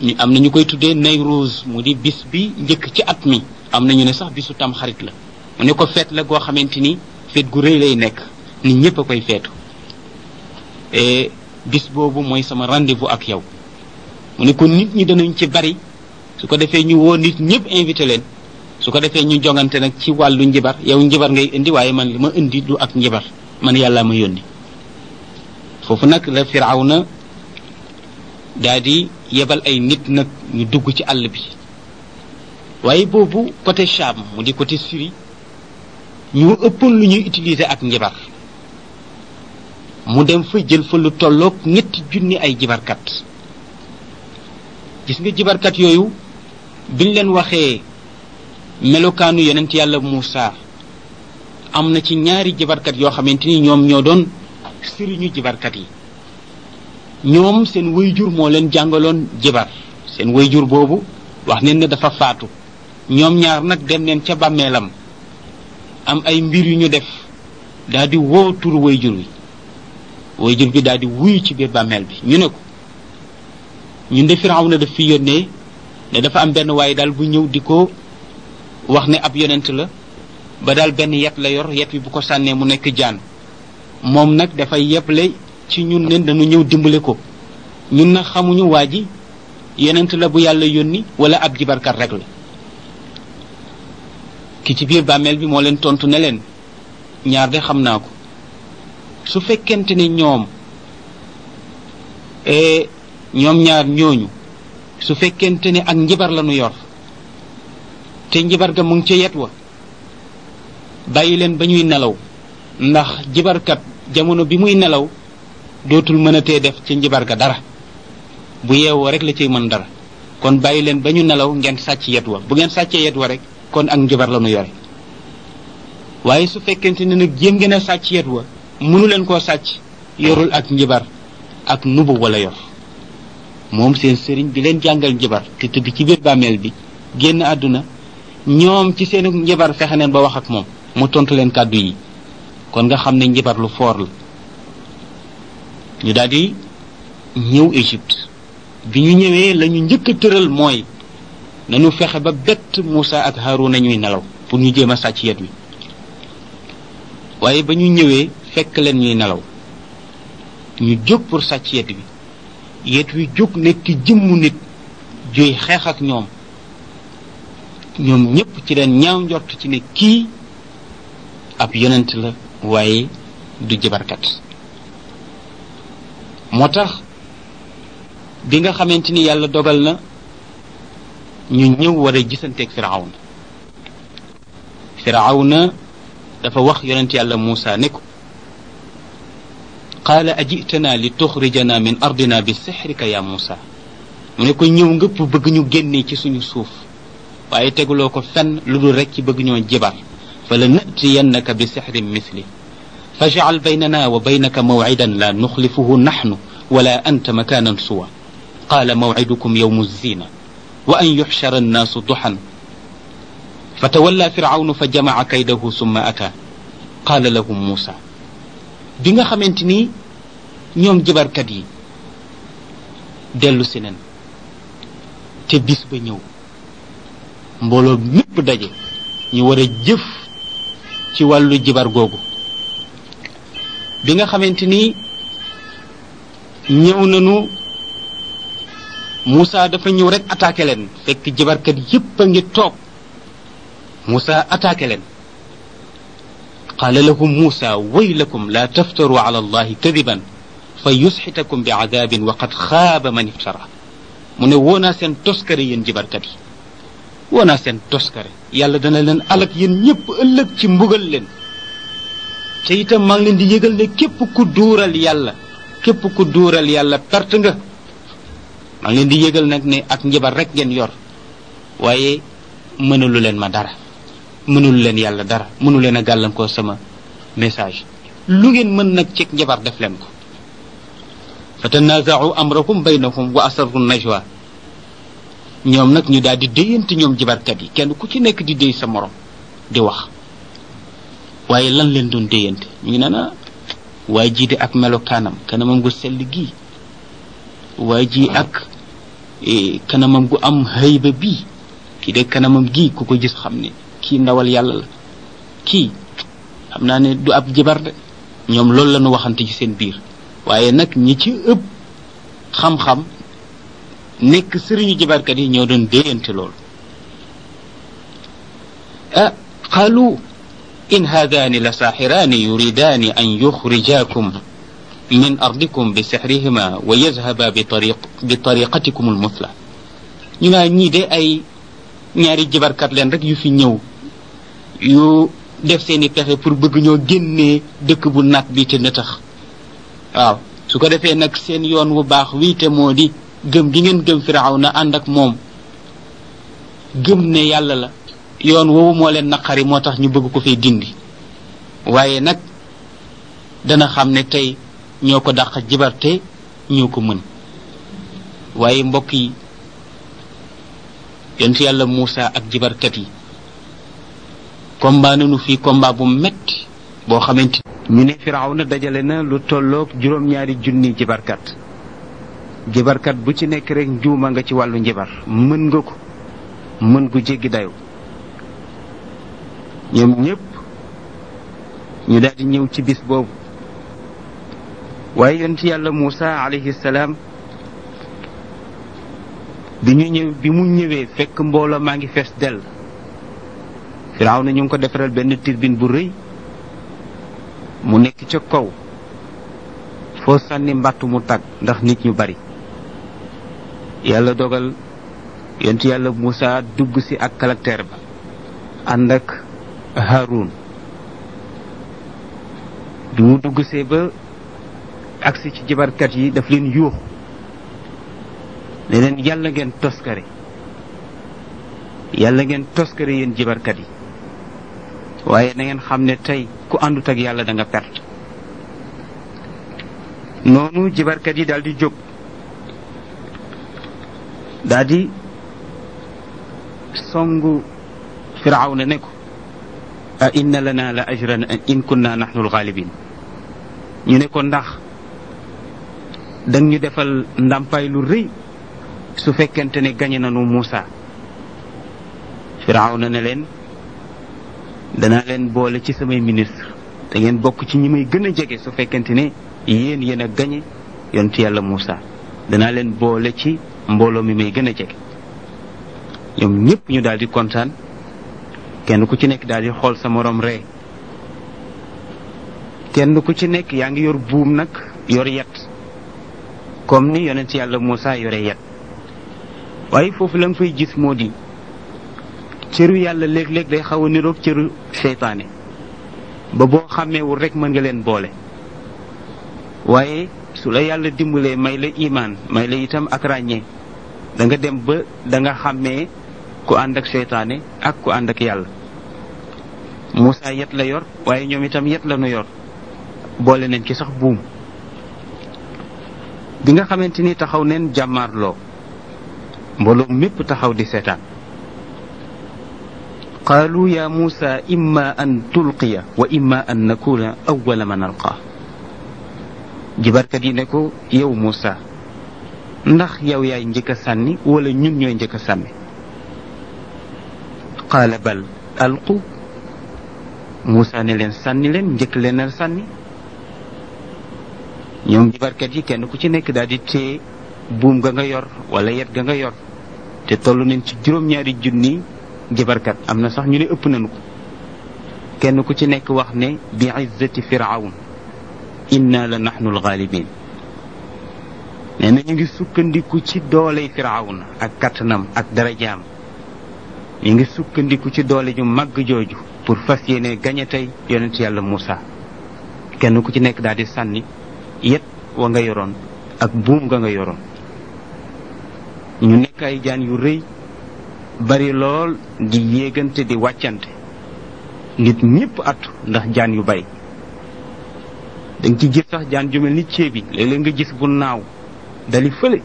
[SPEAKER 1] ñu am na ñu koy tuddee Nayruuz mu di bis bi njëkk ci at mi am na ñu ne sax bisu tam xarit la mu ne ko feet la goo xamante ni feet gu rëy lay nekk nit ñëpp a koy feetu e, bis boobu mooy sama rendez ak yow mu ne ko nit ñi danañ ci bari su ko defee ñu woon nit ñëpp invité leen su ko defee ñu jongante nag ci wàllu njibar yow njibar ngay indi waaye man li ma indi du ak njibar man yàlla ma yónni foofu nag la firawna daa di yebal ay nit nag ñu dugg ci àll bi waaye boobu côté Cham mu di côté Syrie ñu ëppoon lu ñuy utilise ak njibar mu dem fa jël fa lu tolloog ñetti junni ay jibarkat gis nga jibarkat yooyu biñ leen waxee melokaanu yonent yàlla Muusa am na ci ñaari jibarkat yoo xamante ni ñoom ñoo doon sëriñu jibarkat yi ñoom seen wayjur moo leen jàngaloon jibar seen wayjur boobu wax neen ne dafa faatu ñoom ñaar nag dem neen ca bàmmeelam am ay mbir yu ñu def daldi di woo turu wayjur wi wayjur bi daal di wuyu ci biir bàmmeel bi ñu ne ko ñun de Firawna daf fi yónnee ne dafa am benn waaye daal bu ñëw di ko wax ne ab yonent la ba daal benn yet la yor yet bi bu ko sànnee mu nekk jaan moom nag dafay yeble ci ñun ne dañu ñëw dimbale ko ñun nag xamuñu waa ji yonent la bu yàlla yónni wala ab jibarkat rek la ki ci biir bàmmeel bi moo leen tontu ne leen ñaar de xam naa ko su fekkent ne ñoom eh, ñoom ñaar ñooñu su fekkente ne ak njibar la nu yor te njibar ga mu ngi ci yetwa wa bàyyi leen nelaw ndax kat jamono bi muy nelaw dootul mën te def ci njibar ga dara bu yeewoo rek la cay mën dara kon bayilen leen ba nelaw ngeen sàcc yetwa bu ngeen sàccee yetwa rek kon ak njibar la nu yore waaye su fekkente ne nag jéem ngeen a sàcc yet mënu leen yorul ak njibar ak nubu wala yor moom seen sëriñ bi leen jàngal jabar te tëdd ci biir bàmmeel bi génn àdduna ñoom ci seen njabar fexe neen ba wax ak moom mu tontu leen kàddu yi kon nga xam ne njabar lu foor la ñu daal di ñëw Égypte bi ñu ñëwee lañu njëkk tëral mooy nañu fexe ba bett Moussa ak Harouna ñuy nelaw pour ñu jéem a sàcc yet wi waaye ba ñu ñëwee fekk leen ñuy nelaw ñu jóg pour sàcc yet wi yet wi jóg nekk jëmmu nit juy xeex ak ñoom ñoom ñépp ci leen ñaaw njort ci ne kii ab yonent la waaye du jëbarkat moo tax bi nga xamante ni yàlla dogal na ñu ñëw war a gisanteeg firawna firawna dafa wax yonent yàlla Muusa ne ko قال أجئتنا لتخرجنا من أرضنا بسحرك يا موسى مونيكو ne نغب ñëw نيو генي سي سونو سوف واي تيغلوكو فن لودو teguloo ko fenn lu dul rek ci bëgg ñoo jibar بيننا وبينك موعدا لا نخلفه نحن ولا أنت مكانا سوى قال موعدكم يوم الزينة وأن يحشر الناس ضحا فتولى فرعون فجمع كيده ثم أتى قال لهم موسى bi nga xamante ni ñoom jëbarkat yi dellusi si nen te bis ba ñëw mbooloo mépp daje ñu war a jëf ci wàllu jibar googu bi nga xamante ni ñëw nañu muusa dafa ñëw rek attaqué leen fekk jibarkat yépp a ngi toog Moussa attaqué leen qaala lahum muusa waylakum laa taftaru ala allahi kadiban fa yusxitakum bi adaabin wa qad xaaba man iftara mu ne woonaa seen toskare yéen jibarkat yi woonaa seen toskare yàlla dana leen alak yéen ñëpp ëllëg ci mbugal leen te itam maa ngi leen di yëgal ne képp ku duural yàlla képp ku duural yàlla perte nga maa di yëgal nag ne ak njabar rek ngeen yor waaye mënalu leen ma dara mënul leen yàlla dara mënul leen a gàllankoor sama message lu ngeen mën nag ci njabar def leen ko fa tanaaza'u amrakum baynahum wa asarru najwa ñoom nag ñu daal di déyante ñoom jabarkat yi kenn ku ci nekk di déy sa moroom di wax waaye lan leen doon déyante ñu ngi naan ah, waa jii de ak melokaanam kanamam gu sell gii waa ji ak eh, kanamam gu am hayba bii kii de kanamam gii ku ko gis xam ne ki ndawal yàlla la ki xam ne du ab jibar de ñom loolu la ñu waxante ci seen biir waaye nag ñi ci ëpp xam-xam nekk sëriñu jibarkat yi ñoo doon déyante loolu ah xalu إن هذان لساحران يريدان أن يخرجاكم من أرضكم بسحرهما ويذهبا بطريق بطريقتكم المثلى ñu naa ñii de ay ñaari jibarkat leen rek yu fi ñëw yu def seeni pexe pour bëgg ñoo génnee dëkk bu nat bi te nëtax waaw su ko defee nag seen yoon wu baax wii te moo di gëm gi ngeen gëm na ànd ak moom gëm ne yàlla la yoon woowu moo leen naqari moo tax ñu bëgg ko fee dindi waaye nag dana xam ne tey ñoo ko dàq jibarte ñoo ko mën waaye mbokk yi yonent yàlla Muusa ak jibarkat yi combat nañu fii combat bu metti boo xamante ñu ne na dajale na lu tolloog juróom-ñaari junni jibarkat jibarkat bu ci nekk rek njuuma nga ci wàllu njabar mën nga ko mën gu jéggi dayo ñoom ñëpp ñu daal ñëw ci bis boobu waaye ci yàlla Muusa alayhi salaam bi ñu ñëw bi mu ñëwee fekk mbooloo maa ngi fees dell firaaw na ñu ngi ko defaral benn tirbin bu rëy mu nekk ca kaw foo sànni mbàttu mu tag ndax nit ñu bari yàlla dogal yonent yàlla Moussa dugg si ak caractère ba ànd ak Haroun bi mu dugg see ba agsi ci jabarkat yi daf leen yuux leneen leen yàlla ngeen toskare yàlla ngeen toskare yéen jabarkat yi waaye na xam ne tey ku àndu ak yàlla danga nga perte noonu jibarkat yi daal di jóg daldi di songu na ne ko a inna lana la ajran in kunna nahnu alxaalibin ñu ne ko ndax dang ñu defal ndàmpaay lu rëy su fekkente ne gañe nanu Muusa firawna ne leen danaa leen boole ci samay ministre da ngeen bokk ci ñi may gën a jege su fekkente ne yéen yéen a gañe yontu yàlla Moussa danaa leen boole ci mbooloo mi may gën a jege ñoom ñëpp ñu daal di kontaan kenn ku ci nekk daal di xool sa morom ree kenn ku ci nekk yaa ngi yor buum nag yor yat comme ni yonent yàlla Moussa yore yat waaye foofu la nga fay gis moo di cëru yàlla léeg-léeg day xaw a niroog cëru seytaane ba boo xàmmeewul rek mën nga leen boole waaye su la yàlla dimbalee may la imaan may la itam ak ràññee da nga dem ba danga nga xàmmee ku ànd ak seytaane ak ku ànd ak yàlla Moussa yet la yor waaye ñoom itam yet la nu yor boole nañ ci sax buum bi nga xamante ni taxaw neen jàmmaarloo mbooloo mépp taxaw di seetaan Qalu ya Musa, imma an tulqiya wa imma an nakuna awwal man alqa. Jibarka ne ko yow Musa. ndax yow yaay njëkk sanni wala ñun ñoy njëkk sanni. Qala bal alqu Musa ne len sanni len njëkk len a sànni ñoom jibarkat yi kenn ku ci nekk da di tee buum ga nga yor wala yet ga nga yor te tollu nañ ci juroom ñaari junni jabarkat am na sax ñu ne ëpp nañu ko kenn ku ci nekk wax ne bi izzati firawn inna la nahnu alxaalibin nee na ñu ngi sukkandiku ci doole firawn ak kattanam ak darajaam ñu ngi sukkandiku ci doole ju màgg jooju pour fas yéene gañe tey yonent yàlla Moussa kenn ku ci nekk daal di sànni yet wa nga yoroon ak buum nga nga yoroon ñu nekk ay jaan yu rëy bari lool di yéegante di wàccante nit ñépp at ndax jaan yu bari dañ ci gis sax jaan ju mel ni ceeb bi léeg nga gis bu naaw dali fële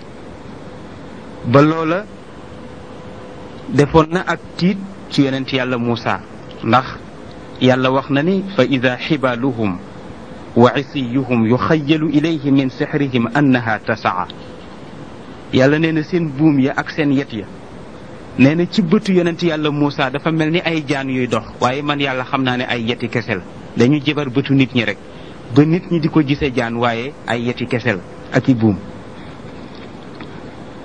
[SPEAKER 1] ba loola defoon na ak tiit ci yonent yàlla Muusa ndax yàlla wax na ni fa ida xibaaluhum wa isiyuhum yuxayalu ilayhi min sixrihim annaha tasaa yàlla nee na seen buum ya ak seen yet ya nee na ci bëtu yonent yàlla Moussa dafa mel ni ay jaan yuy dox waaye man yàlla xam naa ne ay yeti kesel dañuy dañu bëtu nit ñi rek ba nit ñi di ko gisee jaan waaye ay yeti kesel la ak i buum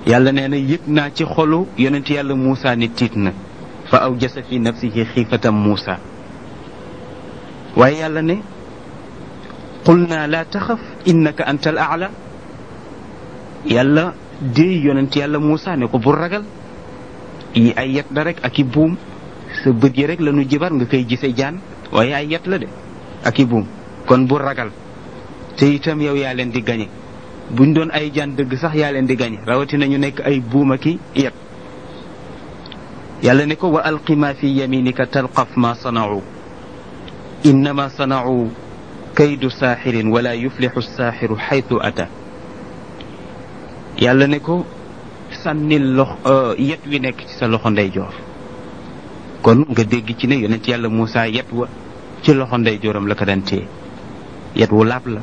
[SPEAKER 1] yàlla nee na yëg naa ci xolu yonent yàlla Moussa ni tiit na fa aw jasa fi nafsihi xiifatam Moussa waaye yàlla ne qul naa laa taxaf innaka anta al aala yàlla déy yonent yàlla Moussa ne ko bu ragal yi ay yet la rek ak i buum sa bët yi rek la ñu jibar nga koy gise jaan waaye ay yet la de ak i buum kon bu ragal te itam yow yaa leen di gañe buñ doon ay jaan dëgg sax yaa leen di gañe rawatina ñu nekk ay buum ak i yet yàlla ne ko wa alqi ma fi yaminika talqaf ma sanau innama sanau kaydu saaxirin wala yuflixu saaxiru xaytu ata sànnil lox euh, yet wi nekk ci sa loxo ndeyjoor kon nga dégg ci ne yonent yàlla Moussa yet wa ci loxo ndeyjooram la ko daan téye yet wu laab la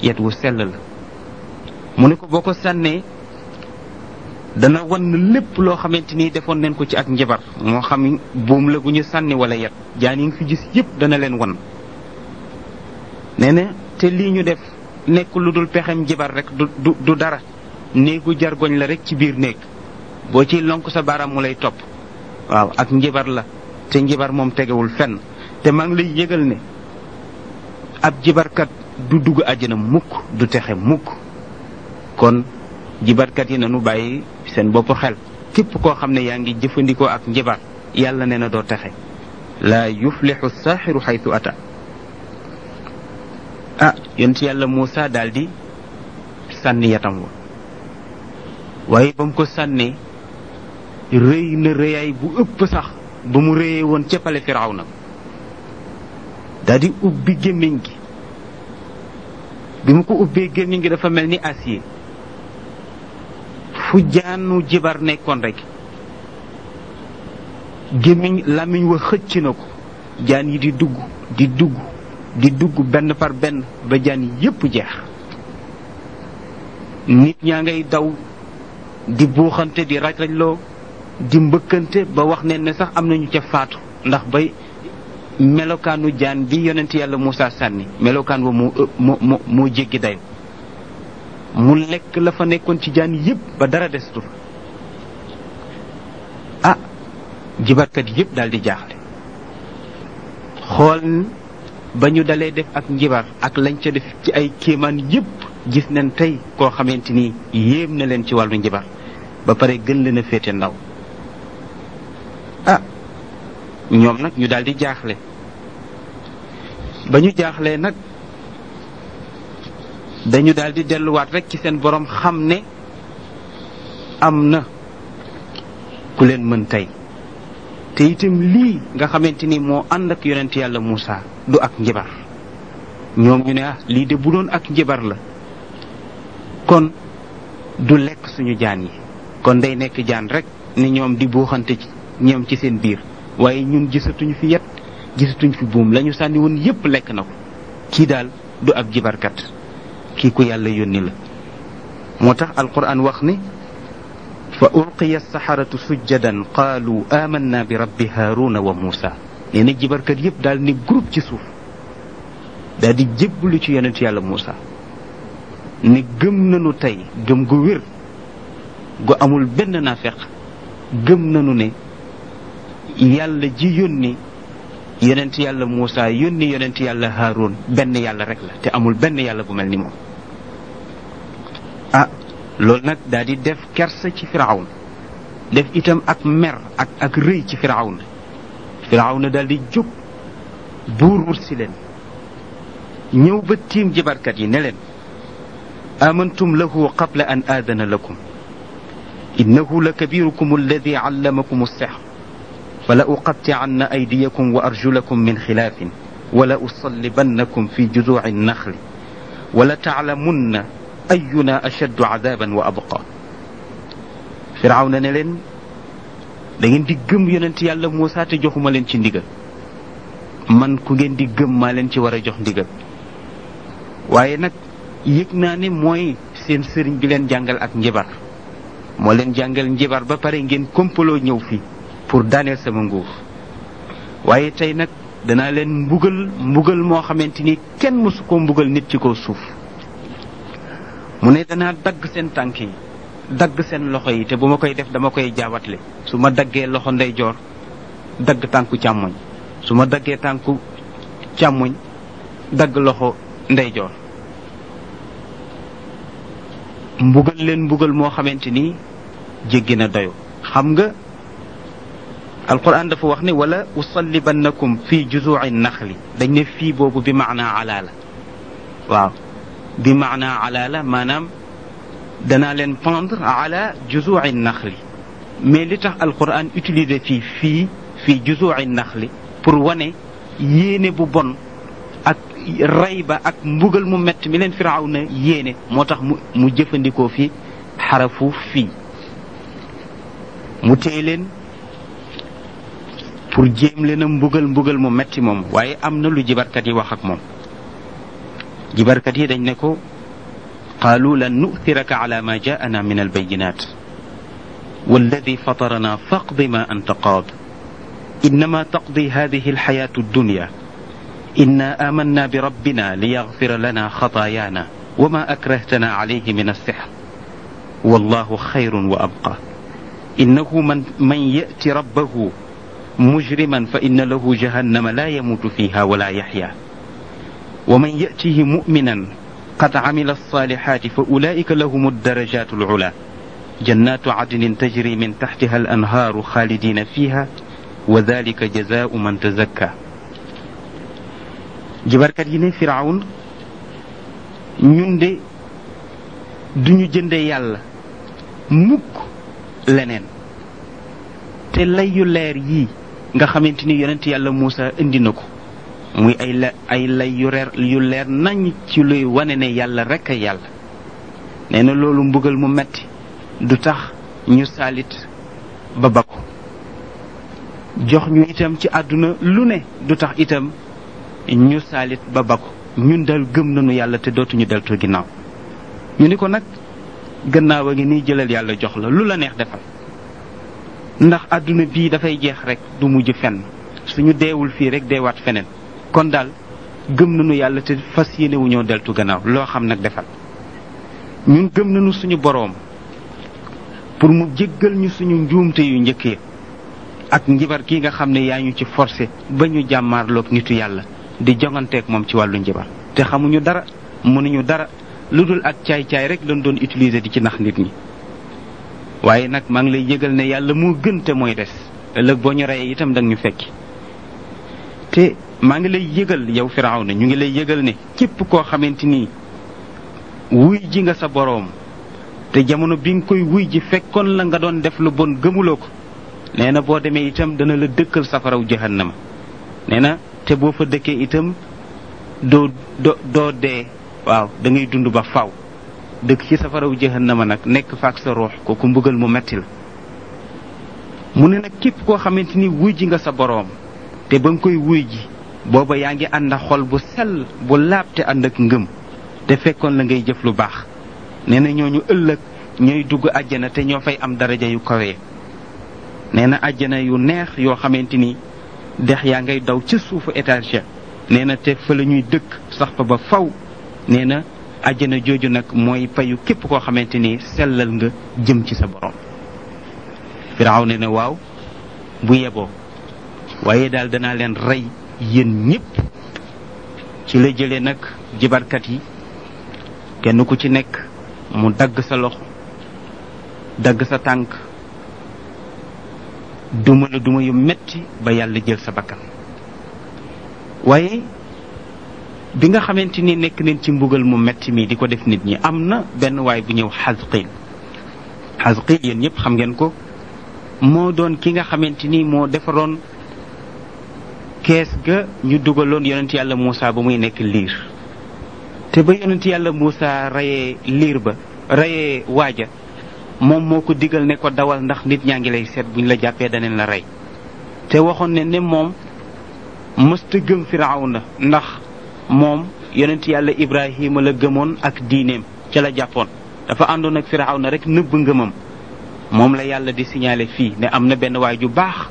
[SPEAKER 1] yet wu sell la mu ne ko boo ko sànnee dana wan lépp loo xamante ni defoon nañ ko ci ak njabar moo xam buum la gu ñu sànni wala yet jaan yi nga fi gis yëpp dana leen wan nee na te lii ñu def nekk lu dul pexem jabar rek du dara néegu jargoñ la rek ci biir néeg boo ciy lonk sa baaraam mu lay topp waaw ak njibar la te njibar moom tegewul fenn te maa ngi lay yëgal ne ab jibarkat du dugg àjjana mukk du texe mukk kon jibarkat yi nanu bàyyi seen bopp xel képp koo xam ne yaa ngi jëfandikoo ak njibar yàlla nee na doo texe laa yuflixu saaxiru xaytu ata ah yonent yàlla Muusa daal di sànni yatam wa waaye ba mu ko sànnee rëy na rëyaay bu ëpp sax ba mu rëyee woon ca pale firaaw na daldi ubbi gémmiñ gi bi mu ko ubbee gémmiñ gi dafa mel ni acier fu jaanu jibar nekkoon rekk gémmiñ làmmiñ wa xëcc na ko jaan yi di dugg di dugg di dugg benn par benn ba jaan yépp jeex nit ñaa ngay daw di buuxante di raj rajloo di mbëkkante ba wax ne ne sax am nañu ca faatu ndax ba melokaanu jaan bi yonent yàlla Moussa sànni melokaan wa moo moo moo jéggi dayu mu lekk la fa nekkoon ci jaan yëpp ba dara destul a ah, jibarkat yëpp daal di jaaxle xool ba ñu dalee def ak njibar ak lañ ca def ci ay kéemaan yëpp gis nañ tey koo xamante ni yéem na leen ci wàllu njibar ba pare gën leen a féete ndaw ah ñoom nag ñu daal di jaaxle ba ñu jaaxlee nag dañu daal di delluwaat rek ci seen borom xam ne am na ku leen mën tey te itam lii nga xamante ni moo ànd ak yonent yàlla Moussa du ak njibar ñoom ñu ne ah lii de bu doon ak njibar la kon du lekk suñu jaan yi kon day nekk jaan rekk ni ñoom di buuxante ci ñoom ci seen biir waaye ñun gisatuñu fi yet gisatuñu fi buum lañu sànniwoon woon yépp lekk na ko kii daal du ab jibarkat kii ku yàlla yónni la moo tax alquran wax ni fa ulqiya saxaratu sujjadan qaalu amanna bi rabbi haaruna wa muusa nee jibarkat yépp daal ni groupe ci suuf daal di jébbalu ci yonentu yàlla muusa ni gëm nanu tey gëm gu wér gu amul benn naafeq gëm nanu ne yàlla ji yónni yonent yàlla Muusa yónni yonent yàlla Haarun benn yàlla rek la te amul benn yàlla bu mel ni moom ah loolu nag daal def kersa ci Firawun def itam ak mer ak ak rëy ci Firawun Firawun daal di jóg buur wut leen ñëw ba tiim jabarkat yi ne leen آمنتم له قبل أن آذن لكم إنه لكبيركم الذي علمكم السحر عن أيديكم وأرجلكم من خلاف ولأصلبنكم في جذوع النخل ولتعلمن أينا أشد عذابا وأبقى فرعون نلن leen دي جم di gëm موسى yàlla مالين te joxuma leen ci ndigal man ku ngeen di yëg naa ne mooy seen sëriñ bi leen jàngal ak njibar moo leen jàngal njabar ba pare ngeen kompaloo ñëw fii pour daaneel sama nguur waaye tey nag danaa leen mbugal mbugal moo xamante ni kenn mësu koo mbugal nit ci ko suuf mu ne danaa dagg seen tànk yi dagg seen loxo yi te bu ma koy def dama koy jaabatle su ma daggee loxo ndeyjoor dagg tànku càmmoñ su ma daggee tànku càmmoñ dagg loxo ndeyjoor mbugal leen mbugal moo xamante ni jéggi na doyo xam nga alquran dafa wax ne wala usallibannakum fi juzuci naxli dañ ne fii boobu bi maanaa alaa la waaw bi maanaa alaa la maanaam danaa leen pendre ala juzuci naxli mais li tax alquran utilisé fii fii fii juzuci naxli pour wane yéene bu bon rayba ak mbugal mu metti mi leen firawna yene motax mu mu fi harafu fi mu teelen pour jëm leen mbugal mbugal mu metti mom waye amna lu jibarkat yi wax ak mom jibarkat yi dañ ne ko قالوا لن نؤثرك على ما جاءنا من البينات والذي فطرنا فاقض ما أنت قاض إنما تقضي هذه الحياة الدنيا إنا آمنا بربنا ليغفر لنا خطايانا وما أكرهتنا عليه من السحر والله خير وأبقى إنه من, من يأت ربه مجرما فإن له جهنم لا يموت فيها ولا يحيا ومن يأته مؤمنا قد عمل الصالحات فأولئك لهم الدرجات العلى جنات عدن تجري من تحتها الأنهار خالدين فيها وذلك جزاء من تزكى jibarkat yi ne firawun ñun du ñu jënde yàlla mukk leneen te lay yu leer yii nga xamante ni yonent yàlla Muusa indi na ko muy ay la ay lay leer nañ ci luy wane na yàlla rekk a yàlla nee na loolu mbugal mu metti du tax ñu saalit ba bakku jox ñu itam ci àdduna lu ne du tax itam ñu saalit ba bakku ñun dal gëm nañu yàlla te dootuñu deltu ginnaaw ñu ni ko nag gannaaw a ngi nii jëlal yàlla jox la lu la neex defal ndax àdduna bii dafay jeex rek du mujj fenn suñu deewul fii rek deewaat feneen kon daal gëm nañu yàlla te fas yéene wu ñoo deltu gannaaw loo xam nag defal ñun gëm nañu suñu boroom pour mu jéggal ñu suñu njuumte yu njëkk yi ak njibar gi nga xam ne yaa ñu ci forcé ba ñu jàmmaarloog nitu yàlla di jonganteek moom ci wàllu njibar te xamuñu dara mënuñu dara lu dul ak caay-caay rek lañ doon utiliser di ci nax nit ñi waaye nag maa ngi lay yëgal ne yàlla moo gën te mooy des ëllëg boo ñu reyee itam danga ñu fekki te maa ngi lay yëgal yow Firawna ñu ngi lay yëgal ne képp koo xamante ni wuy ji nga sa boroom te jamono bi nga koy wuy ji fekkoon la nga doon def lu bon gëmuloo ko nee na boo demee itam dana la dëkkal safaraw jahannama nee na te boo fa dëkkee itam doo do doo dee waaw dangay dund ba faw dëkk ci safaraw jahannama nag nekk faak sa ruux kooku mbugal mu metti la mu ne nag képp koo xamante ni wuy ji nga sa boroom te ba nga koy wuy ji booba yaa ngi ànd xol bu sell bu laab te ànd ak ngëm te fekkoon la ngay jëf lu baax nee na ñooñu ëllëg ñooy dugg àjjana te ñoo fay am daraja yu kawe nee na àjjana yu neex yoo xamante ni dex yaa ngay daw ca suufu étage ya nee na te fa la ñuy dëkk sax fa ba faw nee na àjjana jooju nag mooy payu képp koo xamante ni sellal nga jëm ci sa borom firaaw ne na waaw bu yeboo waaye daal danaa leen rey yéen ñépp ci la jëlee nag jibarkat yi kenn ku ci nekk mu dagg sa loxo dagg sa tànk duma la duma yu metti ba yàlla jël sa bakkan waaye bi nga xamante ni nekk nañ ci mbugal mu metti mi di ko def nit ñi am na benn waay bu ñëw xasqil xasqil yéen ñëpp xam ngeen ko moo doon ki nga xamante ni moo defaroon kees ga ñu dugaloon yonent yàlla Moussa ba muy nekk liir te ba yonent yàlla Moussa reyee liir ba reyee waaja moom moo ko digal ne ko dawal ndax nit ñaa ngi lay seet buñ la jàppee daneen la rey te waxoon ne ni moom mësta gëm firawna ndax moom yonent yàlla ibrahima la gëmoon ak diineem ca la jàppoon dafa àndoon ak firawna rek nëbb ngëmam moom la yàlla di siñaale fii ne am na benn waay ju baax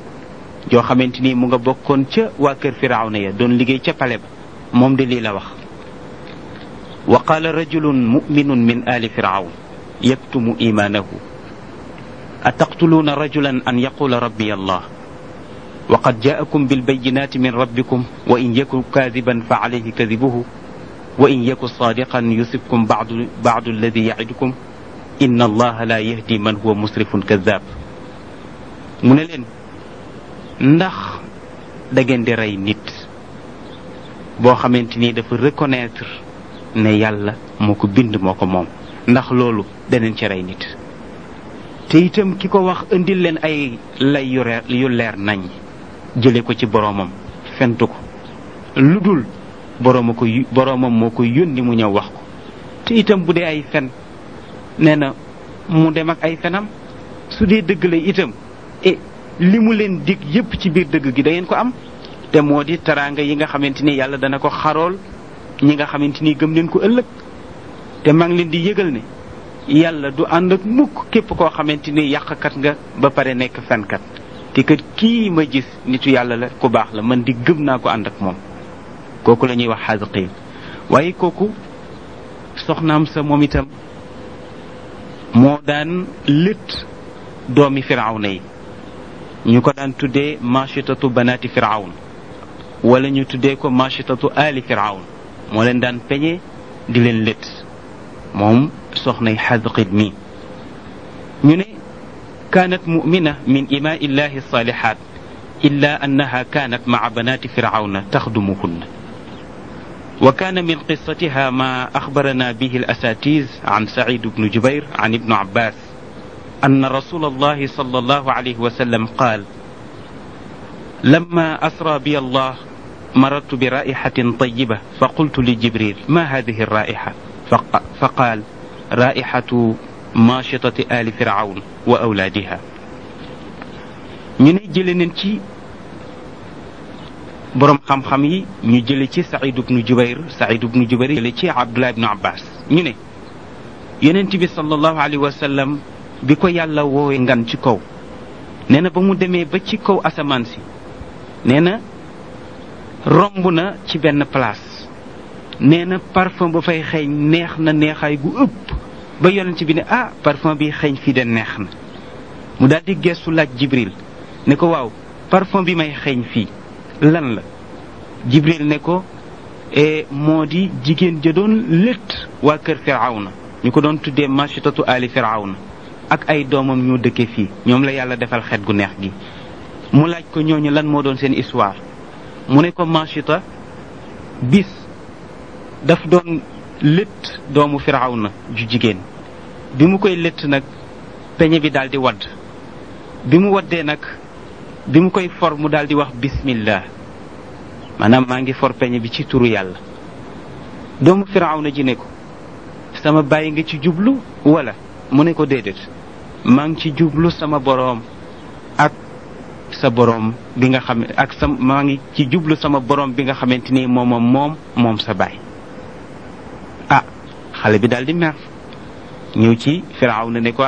[SPEAKER 1] joo xamante ni mu nga bokkoon ca waa kër firawna ya doon liggéey ca pale ba moom di lii la wax wa qaala rajulun muminun min ali firawn يكتم إيمانه أتقتلون رجلا أن يقول ربي الله وقد جاءكم بالبينات من ربكم وإن يكن كاذبا فعليه كذبه وإن يكن صادقا يصبكم بعض, بعض الذي يعدكم إن الله لا يهدي من هو مسرف كذاب من ne نخ ndax دراي ngeen di rey nit boo xamante ni dafa reconnaître ne yàlla moo bind moo ko ndax loolu danañ cere rey nit te itam ki ko wax indil leen ay lay yu yu leer nañ jële ko ci boroomam fentu ko lu dul borooma ko boroomam moo ko yónni mu ñëw wax ko te itam bu dee ay fen nee na mu dem ak ay fenam su dee dëgg la itam e li mu leen dig yépp ci biir dëgg gi da ko am te moo di teraanga yi nga xamante ni yàlla dana ko xarool ñi nga xamante ni gëm neen ko ëllëg te maa leen di yëgal ne yàlla du ànd ak mukk képp koo xamante ni yàqkat nga ba pare nekk fenkat te kat kii ma gis nitu yàlla la ku baax la man di gëm naa ko ànd ak moom kooku la ñuy wax xaasiqiin waaye kooku soxnaam sa moom itam moo daan lët doomi firawna yi ñu ko daan tuddee machitatu banaati firawn walla ñu tuddee ko machitatu ali firawn moo leen daan peñe di leen lët موم سخني xadqib قدمي ñu كانت مؤمنة من إماء الله الصالحات إلا أنها كانت مع بنات فرعون تخدمهن وكان من قصتها ما أخبرنا به الأساتيز عن سعيد بن جبير عن ابن عباس أن رسول الله صلى الله عليه وسلم قال لما أسرى بي الله مررت برائحة طيبة فقلت لجبريل ما هذه الرائحة fa qaal raihatu machitati ali firawn wa awlaadiha ñu ne jële neen ci boroom xam-xam yi ñu jële ci saïd ibnu jubayr saïd ibnu jubayr jële ci abdullah ibnu abbas ñu ne yonent bi sallallahu alayhi wa bi ko yàlla woowee ngan ci kaw nee na ba mu demee ba ci kaw asamaan si nee na romb na ci benn place nee na parfum ba fay xeeñ neex na neexaay gu ëpp ba yonent bi ne ah parfum bi xeeñ fii de neex na mu daal di gestu laaj Jibril ne ko waaw parfum bi may xeeñ fii lan la Jibril ne ko e, moo di jigéen ja doon létt waa kër na ñu ko doon tuddee machitatu ali na ak ay doomam ñu dëkke fii ñoom la yàlla defal xet gu neex gi mu laaj ko ñooñu lan moo doon seen histoire mu ne ko machita bis daf doon lit doomu firawna ju jigéen bi mu koy lit nag peñe bi daldi di wadd bi mu waddee nag bi mu koy for mu daldi wax bismillah maanaam maa ngi for peñe bi ci turu yàlla doomu firawna ji ne sama bàyyi nga ci jublu wala mu ne ko déedéet maa ngi ci jublu sama boroom ak sa borom bi nga xam ak sa maa ngi ci jublu sama borom bi nga xamante ni moom moom moom sa bàyyi xale bi daal di mer ñëw ci firaaw na ne ko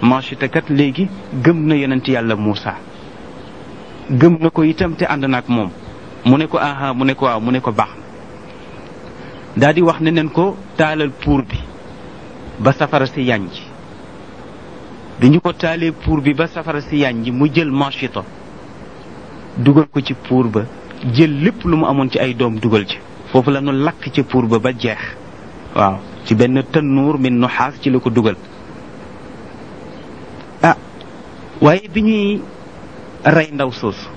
[SPEAKER 1] manchita kat léegi gëm na yonent yàlla Muusa gëm na ko itam te ànd na ak moom mu ne ko aha mu ne ko waaw mu ne ko baax na daal wax ne neen ko taalal puur bi ba safara si yànj bi ñu ko taalee puur bi ba safara si yànj mu jël manchita dugal ko ci puur ba jël lépp lu mu amoon ci ay doom dugal ci foofu la ñu lakk ca puur ba ba jeex waaw ci benn tannuur min nuxaas ci la ko dugal ah waaye bi ñuy rey ndaw soosu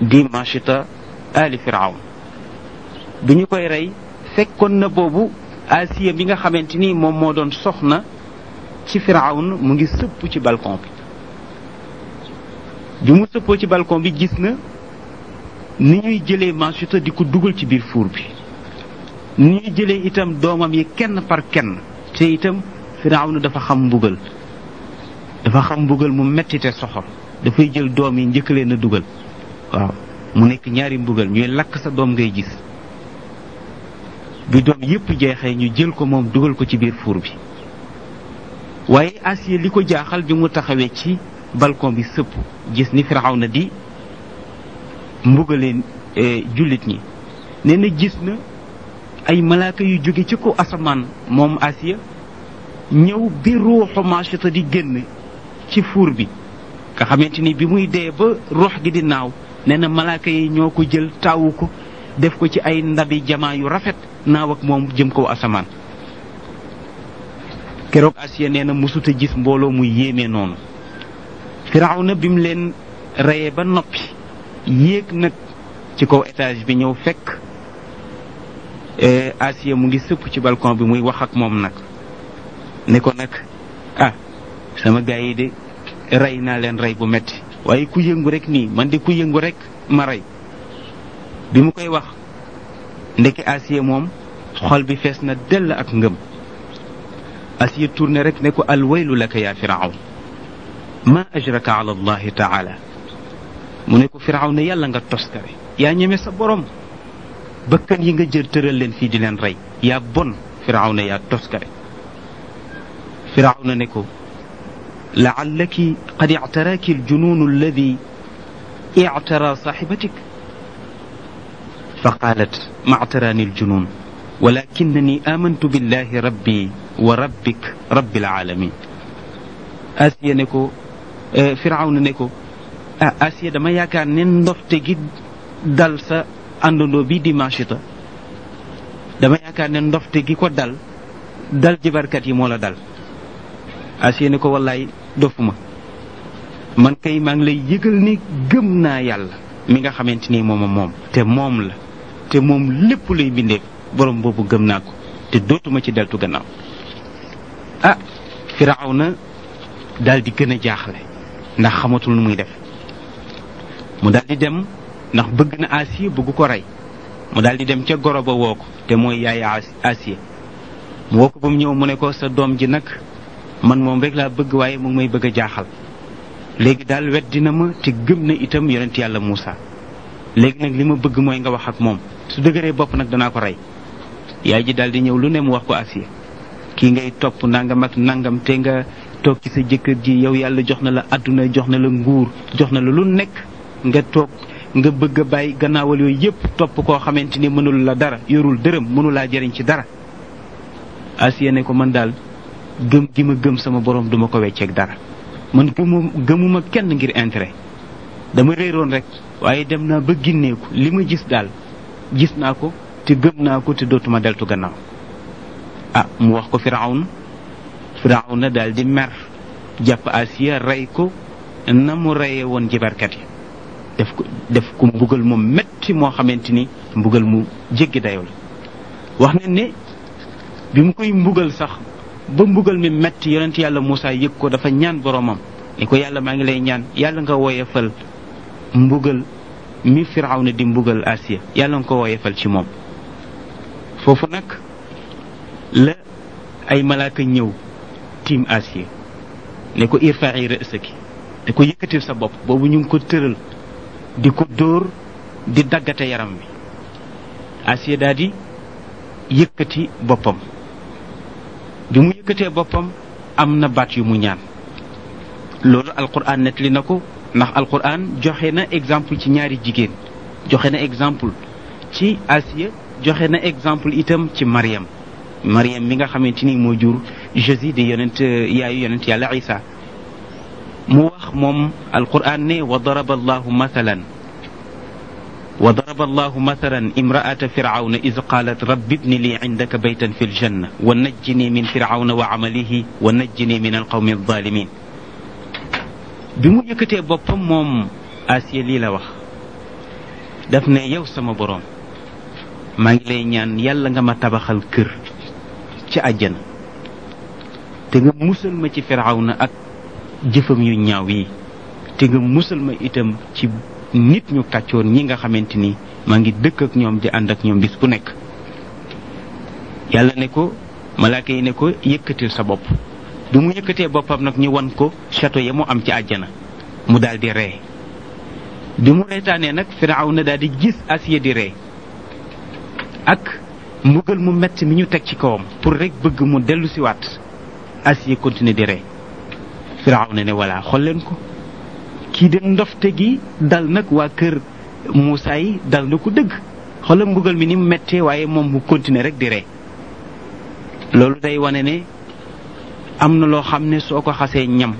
[SPEAKER 1] di machita ali firawn bi ñu koy rey fekkoon na boobu asiya bi nga xamante ni moom moo doon soxna ci firawn mu ngi sëpp ci balcon bi bi mu sëppoo ci balkon bi gis na ni ñuy jëlee machita di ko dugal ci biir fuur bi ni ñu jëlee itam doomam yi kenn par kenn te itam na dafa xam mbugal dafa xam mbugal mu mettite te soxor dafay jël doom yi njëkk leen a dugal waaw mu nekk ñaari mbugal ñuy lakk sa doom ngay gis bi doom yépp jeexee ñu jël ko moom dugal ko ci biir fuur bi waaye Asiya li ko jaaxal bi mu taxawee ci balcon bi sëpp gis ni Firawna di mbugalee eh, jullit ñi nee gis na ay malaaka yu jóge ci ko asamaan moom Asiya ñëw bi ruuxu Maashuta di génn ci fuur bi nga xamante ni bi muy dee ba ruux gi di naaw nee na malaaka yi ñoo ko jël taawu ko def ko ci ay ndabi jamaan yu rafet naaw ak moom jëm ko asamaan keroog Asiya nee na mësuta gis mbooloo mu yéeme noonu Firawna bi mu leen reye ba noppi yéeg nag ci kaw étage bi ñëw fekk Eh, Asiya mu ngi sëpp ci balkon bi muy wax ak moom nag ni ko nag ah sama gaay yi de rey naa leen rey bu metti waaye ku yëngu rek nii man de ku yëngu rek ma rey bi mu koy wax ndeke Asiya moom xol bi fees na dell ak ngëm Asiya turne rek ne ko alwaylu laka yaa firawn ma ajraka ala allahi taala mu ne ko firawn yàlla nga toskare yaa ñeme sa borom bakkan yi nga jër tëral leen fii di leen rey yaa bon firawna yaa toskare firawna ne ko laallaki qad ictaraaki aljunuunu alladi ictara saaxibatik فقالت ما اعتراني الجنون ولكنني آمنت بالله ربي وربك رب العالمين آسيا نكو فرعون نكو آسيا دما يكا نندفت جد دالسا àndandoo bi di Machita dama yaakaar ne ndox te gi ko dal dal jëbarkat yi moo la dal asiye ne ko wallaay dofuma man kay maa ngi lay yëgal ne gëm naa yàlla mi nga xamante ni moom moom te moom la te moom lépp lay bindee borom boobu gëm naa ko te dootuma ci deltu gannaaw ah Firawna daal di gën a jaaxle ndax xamatul nu muy def mu daal dem ndax bëgg na Asiya bëgg ko rey mu daal di dem ca goro ba woo ko te mooy yaay Asiya mu woo ko ba mu ñëw mu ne ko sa doom ji nag man moom rek laa bëgg waaye mu ngi may bëgg a jaaxal léegi daal wet dina ma te gëm na itam yonent yàlla Muusa léegi nag li ma bëgg mooy nga wax ak moom su dëgëree bopp nag danaa ko rey yaay ji daal di ñëw lu ne mu wax ko Asiya kii ngay topp nangam ak nangam te nga toog ci sa jëkkër ji yow yàlla jox na la àdduna jox na la nguur jox na la nga bëgg a bàyyi gannaawal yooyu yëpp topp koo xamante ni mënul la dara yorul dërëm mënulaa jariñ ci dara Asiya ne ko man daal gëm gi ma gëm sama borom duma ko wecceeg dara man gëmu gëmuma kenn ngir intérêt dama réeroon rek waaye dem naa ba ginneeku li ma gis daal gis naa ko te gëm naa ko te dootuma deltu gannaaw a ah, mu wax ko Firawna Firawna daal di mer jàpp Asiya rey ko na mu reye woon jibarkat yi def ko def ko mbugal mu metti moo xamante ni mbugal mu jéggi dayoo la wax nañ ne bi mu koy mbugal sax ba mbugal mi metti yonent yàlla Moussa yëg ko dafa ñaan boromam ni ko yàlla maa ngi lay ñaan yàlla nga woyefal mbugal mi ne di mbugal Asiya yàlla nga ko woyefal ci moom foofu nag la ay malaaka ñëw tiim Asiya ne ko irfa'i ra'saki ne ko yëkkatil sa bopp boobu ñu ngi ko tëral di ko dóor di daggate yaram wi Asiya daal di boppam bi mu yëkkatee boppam am na baat yu mu ñaan loolu alquran nettali na ko ndax alquran joxe na exemple ci ñaari jigéen joxe na exemple ci Asiya joxe na exemple itam ci Mariam Mariam mi nga xamante ni moo jur Jésus di yonent yaayu yonent yàlla Isa mu wax moom alquran ne wa daraba allahu mathalan wa daraba allahu mathalan imra'ata fir'auna iz qalat rabbi ibni li indaka baytan fil janna wa najjini min fir'aun wa amalihi wa najjini min alqawmi adh-dhalimin bi mu yëkkatee boppam moom asiya lii la wax daf ne yow sama borom maa ngi lay ñaan yàlla nga ma tabaxal kër ci àjjana te nga musal ma ci firaw ak jëfam yu ñaaw yi te nga musal ma itam ci nit ñu kàccoon ñi nga xamante ni maa ngi dëkk ak ñoom di ànd ak ñoom bis bu nekk yàlla ne ko malaaka yi ne ko yëkkatil sa bopp du mu yëkkatee boppam nag ñu wan ko château ya mu am ci àjjana mu daal di ree bi mu reetaanee nag Firawna daal di gis Asiya di ree ak mbugal mu metti mi ñu teg ci kawam pour rek bëgg mu dellu siwaat Asiya continuer di ree Firawna ne voilà xool ko kii de ndofte gi dal nag waa kër Moussa yi dal na ko dëgg xoolal mbugal mi ni mu méttee waaye moom mu continuer rek di ree loolu day wane ne am na loo xam ne soo ko xasee ñam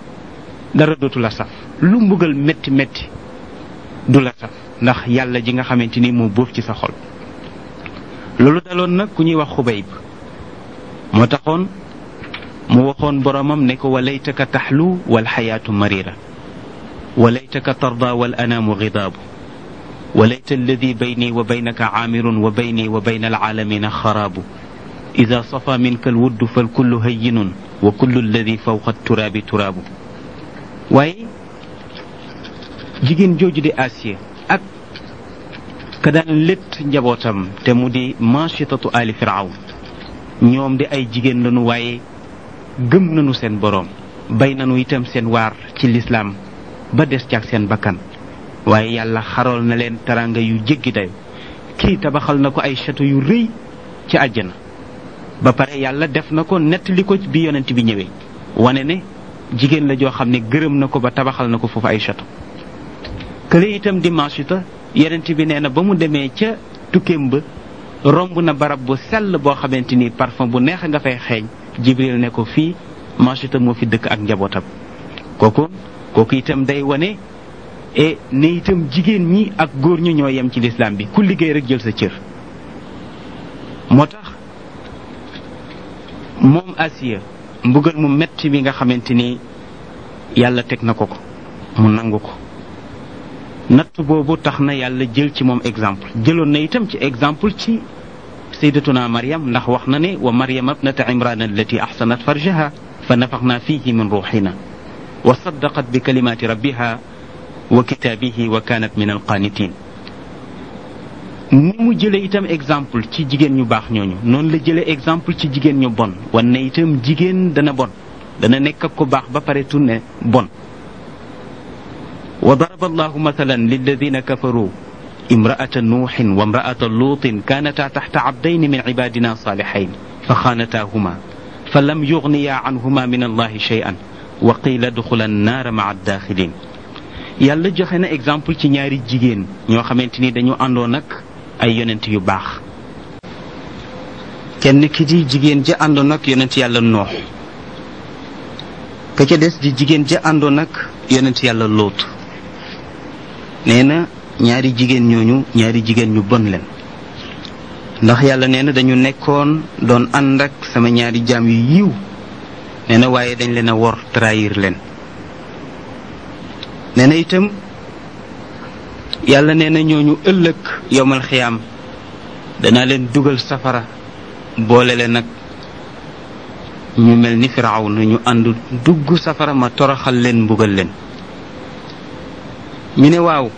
[SPEAKER 1] dara dootu la saf lu mbugal metti métti du la saf ndax yàlla ji nga xamante ni moo boof ci sa xol loolu daloon nag ku ñuy wax Xubayb moo taxoon mu waxoon boromam ne ko walaytaka taxlu wal xayaatu marira walaytaka tarda wal anaamu xidaabu walayta alladi bayni wa baynaka caamirun wa bayni wa bayna alcaalamina xaraabu safa minka alwuddu falkullu hayinun wa kullu alladi fawqa turaabi turaabu waaye jigéen jooju di Asiya ak ka daan létt te mu di maachitatu ali firawn ñoom di ay jigéen lañu waaye gëm nañu seen boroom bay nañu itam seen waar ci lislaam ba des ci ak seen bakkan waaye yàlla xarool na leen taranga yu jéggi dayu kii tabaxal na ko ay château yu rëy ci àjjana ba pare yàlla def na ko nettali ko bi yonent bi ñëwee wane ne jigéen la joo xam ne gërëm na ko ba tabaxal na ko foofu ay château kële itam dimanche yonent bi nee na ba mu demee ca tukkem ba romb na barab bu sell boo xamante ni parfum bu neex nga fay xeeñ jibril ne ko fii Mansuuta moo fi dëkk ak njabootam kooku kooku itam day wane e ne itam jigéen ñi ak góor ñi ñoo yem ci lislaam bi ku liggéey rek jël sa cër moo tax moom Asiya mbugal mu metti bi nga xamante ni yàlla teg na ko ko mu nangu ko natt boobu tax na yàlla jël ci moom exemple jëloon na itam ci exemple ci سيدتنا مريم نح ومريم ابنة عمران التي أحسنت فرجها فنفخنا فيه من روحنا وصدقت بكلمات ربها وكتابه وكانت من القانتين نمو جلي إتم إكزامبل تي جيجين نيو باخ نيو نون لجلي إكزامبل تي جيجين نيو بون ون إتم جيجين دنا بون دنا نكا كو باخ بباريتون بون وضرب الله مثلا للذين كفروا imraata nuuxin wa imraata luutin kaanataa taxta abdayni min cibaadina saalixayn fa xaanataahuma fa lam yugniyaa anhuma min allahi shay'an wa qiila duxula annaara maa addaaxilin yàlla joxe na exemple ci ñaari jigéen ñoo xamante ni dañu àndoon ak ay yonent yu baax kenn ki di jigéen ja àndoon ak yonent yàlla noox ka ca des di jigéen ja àndoon ak yonent yàlla lóot nee na ñaari jigéen ñooñu ñaari jigéen ñu bon leen ndax yàlla nee na dañu nekkoon doon ànd ak sama ñaari jaam yu yiw nee na waaye dañ leen a wor trahir leen nee na itam yàlla nee na ñu ëllëg yowmal xiyaam danaa leen dugal safara boole leen nag ñu mel ni firaaw na ñu ànd dugg safara ma toroxal leen mbugal leen ñu ne waaw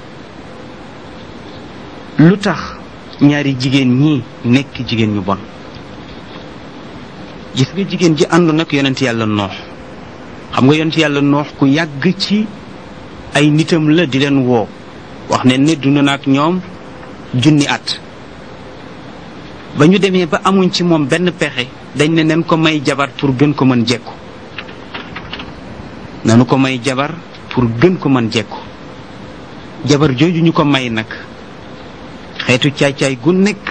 [SPEAKER 1] lu tax ñaari jigéen ñi nekk jigéen ñu bon gis nga jigéen ji àndoon nag yonent yàlla noox xam nga yonent yàlla noox ku yàgg ci ay nitam la di leen woo wax ne ne dund na ak ñoom junni at ba ñu demee ba amuñ ci moom benn pexe dañ ne nañ ko may jabar pour gën ko mën jekku nanu ko may jabar pour gën ko mën jekku jabar jooju ñu ko may nag xeetu caay-caay gun nekk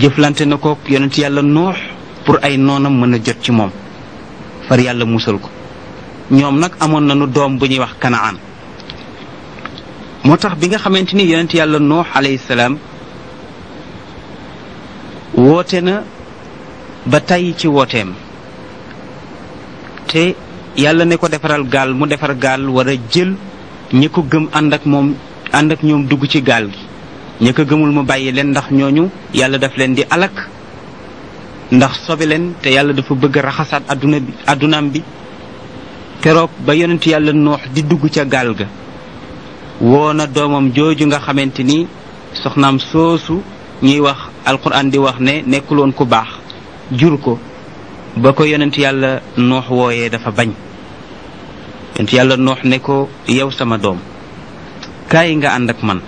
[SPEAKER 1] jëflante na ko yonent yàlla noox pour ay noonam mën a jot ci moom far yàlla musal ko ñoom nag amoon nañu doom bu ñuy wax kanaan moo tax bi nga xamante ni yonent yàlla noox alayhi salaam woote na ba tàyyi ci wooteem te yàlla ne ko defaral gaal mu defar gaal war jël ñi ko gëm ànd ak moom ànd ak ñoom dugg ci gaal gi ña ko gëmul ma bàyyi leen ndax ñooñu yàlla daf leen di alak ndax sobe leen te yàlla dafa bëgg raxasaat àdduna bi addunaam bi keroog ba yonent yàlla noox di dugg ca gaal ga woo na doomam jooju nga xamante ni soxnaam soosu ñuy wax alquran di wax ne nekkuloon ku baax jur ko ba ko yonent yàlla noox wooye dafa bañ yonent yàlla noox ne ko yow sama doom kaay nga ànd ak man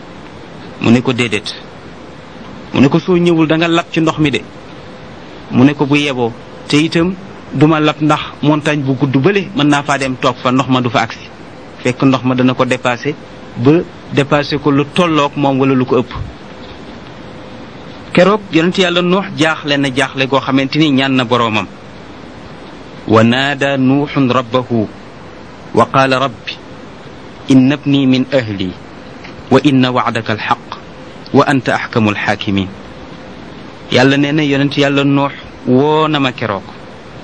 [SPEAKER 1] mu ne ko déedéet mu ne ko soo ñëwul danga nga ci ndox mi de mu ne ko bu yeboo te itam duma lab ndax montagne bu gudd bële mën naa faa dem toog fa ndox ma du fa agsi fekk ndox ma dana ko dépassé ba dépassé ko lu tollook moom wala lu ko ëpp keroog yonent yàlla nuux jaaxle na jaaxle goo xamante ni ñaan na boroomam wa naada nuuxun rabbahu wa qaala rabbi inna bni min ahli wa inna waadaka alxaq wa anta axkamu alxaakimin yàlla nee na yonent yàlla noox woo na ma keroog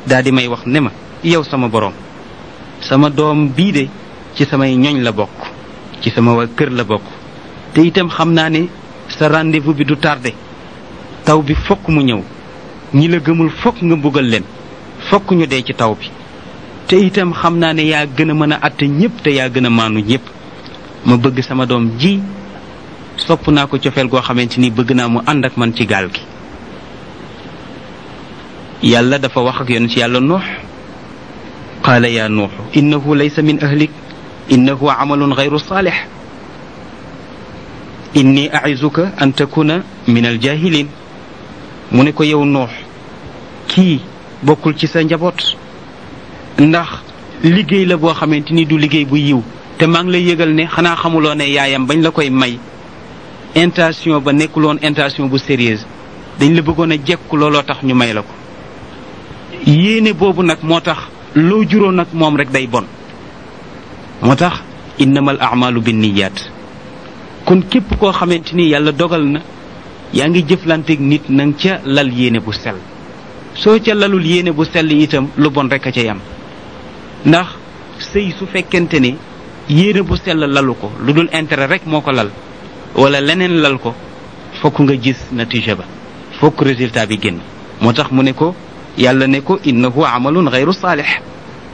[SPEAKER 1] daal di may wax ne ma yow sama boroom sama doom bii de ci samay ñoñ la bokk ci sama waa kër la bokk te itam xam naa ne sa rendez bi du tàrde taw bi fokk mu ñëw ñi la gëmul fokk nga mbugal leen fokk ñu dee ci taw bi te itam xam naa ne yaa gën a mën a àtte ñépp te yaa gën a maanu ñépp ma bëgg sama doom ji sopp naa ko cofeel goo xamante ni bëgg naa mu ànd ak man ci gaal gi yàlla dafa wax ak ci yàlla nuux qaala yaa nuuxu innahu laysa min ahlik innahu amalun gayru saalix takuna min aljaahilin mu ne ko yow nuux kii bokkul ci sa njaboot ndax liggéey la boo xamante du liggéey bu yiw te maa ngi lay yëgal ne xanaa xamuloo ne yaayam bañ la koy may intention ba nekkuloon intention bu sérieuse dañ la bëggoon a jekku looloo tax ñu may la ko yéene boobu nag moo tax loo juróon nag moom rek day bon moo tax innamal amalu binniyaat kon képp koo xamante ni yàlla dogal na yaa ngi jëflanteeg nit nang ca lal yéene bu sel soo ca lalul yéene bu sell itam lu bon rek a ca yam ndax sëy su fekkente ni yéene bu sell lalu ko lu dul intérêt rek moo ko lal wala leneen lal ko fokk nga gis natiija ba fokk résultat bi génn moo tax mu ne ko yàlla ne ko indi na innahu amalun gayru saalih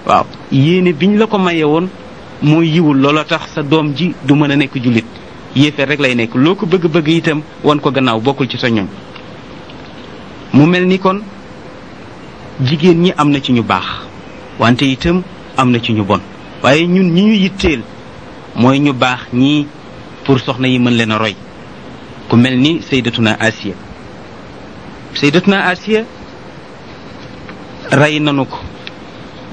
[SPEAKER 1] waaw yéene biñ la ko maye woon moo yiwul loola tax sa doom ji du mën a nekk jullit yéefeer rek lay nekk loo ko bëgg-bëgg itam wan ko gannaaw bokkul ci sa ñoñ mu mel ni kon jigéen ñi am na ci ñu baax wante itam am na ci ñu bon waaye ñun ñi ñu yitteel mooy ñu baax ñii pour soxna yi mën leen roy ku mel ni saydatuna asiya saydatuna asiya rey nanu ko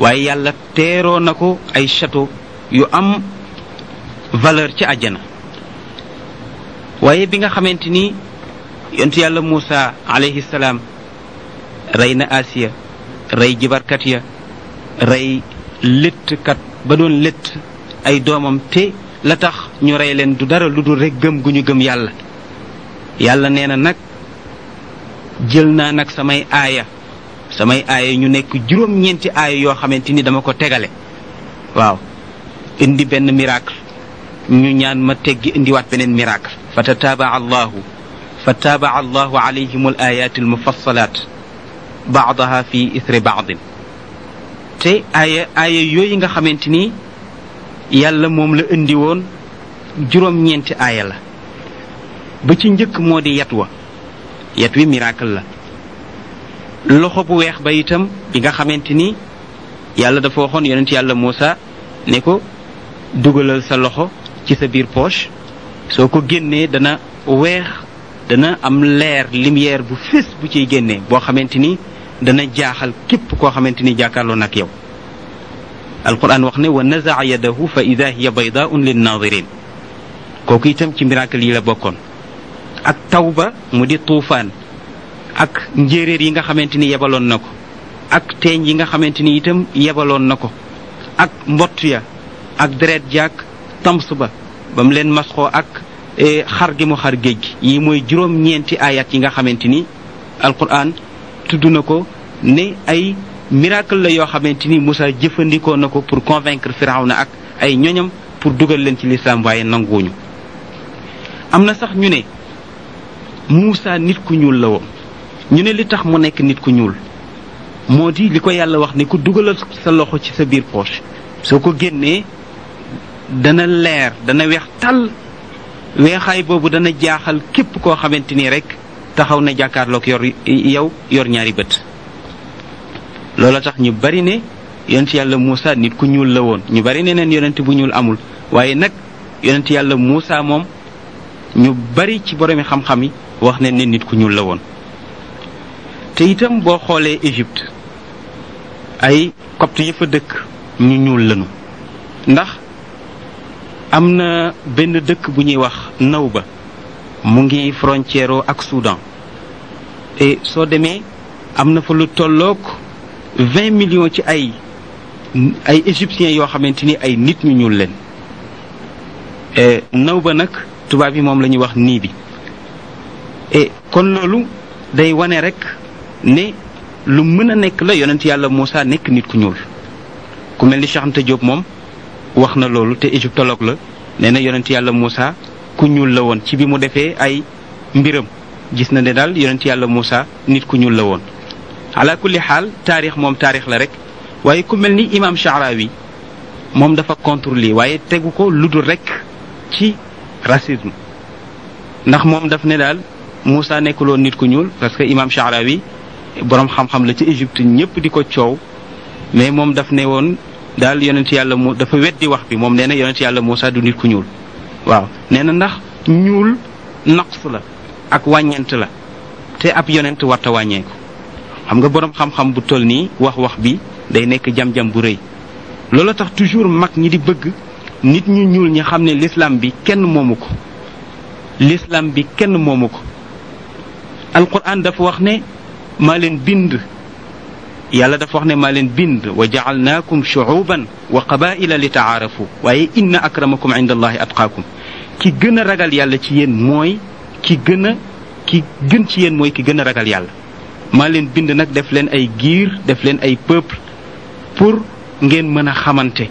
[SPEAKER 1] waaye yàlla teeroo na ko ay chato yu am valeur ci àjjana waaye bi nga xamante ni yontu yàlla Muusa alayhi rey na asiya rey jibarkat ya rey léttkat ba doon létt ay doomam te la tax ñu rey leen du dara lu dul rek gëm gu ñu gëm yàlla yàlla nee na nag jël naa nag samay aaya samay aaya ñu nekk juróom-ñeenti aaya yoo xamante ni dama ko tegale waaw indi benn miracle ñu ñaan ma teggi indiwaat beneen miracle fa tataabaa allahu fa taabaa allahu alayhim al ayaati almufassalaat baadaha fi ithri baadin te aaya aaya yooyu nga xamante ni yàlla moom la indi woon juróom-ñeenti aaya la ba ci njëkk moo di yat wa yat wi miracle la loxo bu weex ba itam bi nga xamante ni yàlla dafa waxoon yonent yàlla Muusa ne ko dugalal sa loxo ci sa biir poche soo ko génnee dana weex dana am leer lumière bu fés bu ciy génnee boo xamante ni dana jaaxal képp koo xamante ni jàkkaarloo nag yow alquran wax ne wa nazaa yadahu fa ida hiya baydaun linnaadirin kooku itam ci miracle yi la bokkoon ak ba mu di tuufaan ak njéeréer yi nga xamante ni yebaloon na ko ak teeñ yi nga xamante ni itam yebaloon na ko ak mbott ya ak deret jaak tams ba ba mu leen masxoo ak eh, xar gi mu xar géej gi yi mooy juróom-ñeenti ayat yi nga xamante ni tudd na ko ne ay miracle la yoo xamante ni Moussa jëfandikoo na ko pour convaincre Firawna ak ay ñoñam pour dugal leen ci lislaam waaye nanguwuñu am na sax ñu ne Moussa nit ku ñuul la woon ñu ne li tax mu nekk nit ku ñuul moo di li ko yàlla wax ne ku dugalal sa loxo ci sa biir poche soo ko génnee dana leer dana weex tàll weexaay boobu dana jaaxal képp koo xamante ni rek taxaw na jàkkaarlook yor yow yor ñaari bët loola tax ñu bari ne yonent yàlla Muusa nit ku ñuul la woon ñu bari ne neen yonent bu ñuul amul waaye nag yonent yàlla Muusa moom ñu bari ci boromi xam-xam yi wax ne ne nit ku ñuul la woon te itam boo xoolee Égypte ay copte yi fa dëkk ñu ñuul lañu ndax am na benn dëkk bu ñuy wax naw ba mu ngi frontière ak Soudan et soo demee am na fa lu tollook vingt millions ci ay ay égyptiens yoo xamante ni ay nit ñu ñuul leen naw ba nag tubaab yi moom la ñuy wax nii bi et kon loolu day wane rek ne lu mën a nekk la yonent yàlla Moussa nekk nit ku ñuul ku mel ni Cheikh Anta moom wax na loolu te égyptologue la nee na yonent yàlla Moussa ku ñuul la woon ci bi mu defee ay mbiram gis na ne daal yonent yàlla Moussa nit ku ñuul la woon ala kulli xaal taarix moom taarix la rek waaye ku mel ni imam Sha'rawi moom dafa contre lii waaye tegu ko lu dul rek ci racisme ndax moom daf ne daal Moussa nekkuloon nit ku ñuul parce que imam Sha'rawi borom xam-xam la ci Égypte ñëpp di ko coow mais moom daf ne woon daal yonent yàlla mu dafa weddi wax bi moom nee na yonent yàlla Moussa du nit ku ñuul waaw nee na ndax ñuul naqs la ak wàññeent la te ab yonent warta wàññeeku xam nga boroom xam-xam bu toll nii wax-wax bi day nekk jam-jam bu rëy loolu tax toujours mag ñi di bëgg nit ñu ñuul ñi xam ne lislaam bi kenn moomu ko lislaam bi kenn moomu ko alquran dafa wax ne maa leen bind yàlla dafa wax ne maa leen bind wa jaalnaakum shuuban wa qabaila li taarafu waaye inna akramakum inda allahi atqaakum ki gën a ragal yàlla ci yéen mooy ki gën a ki gën ci yéen mooy ki gën a ragal yàlla maa leen bind nag def leen ay giir def leen ay peuple pour ngeen mën a xamante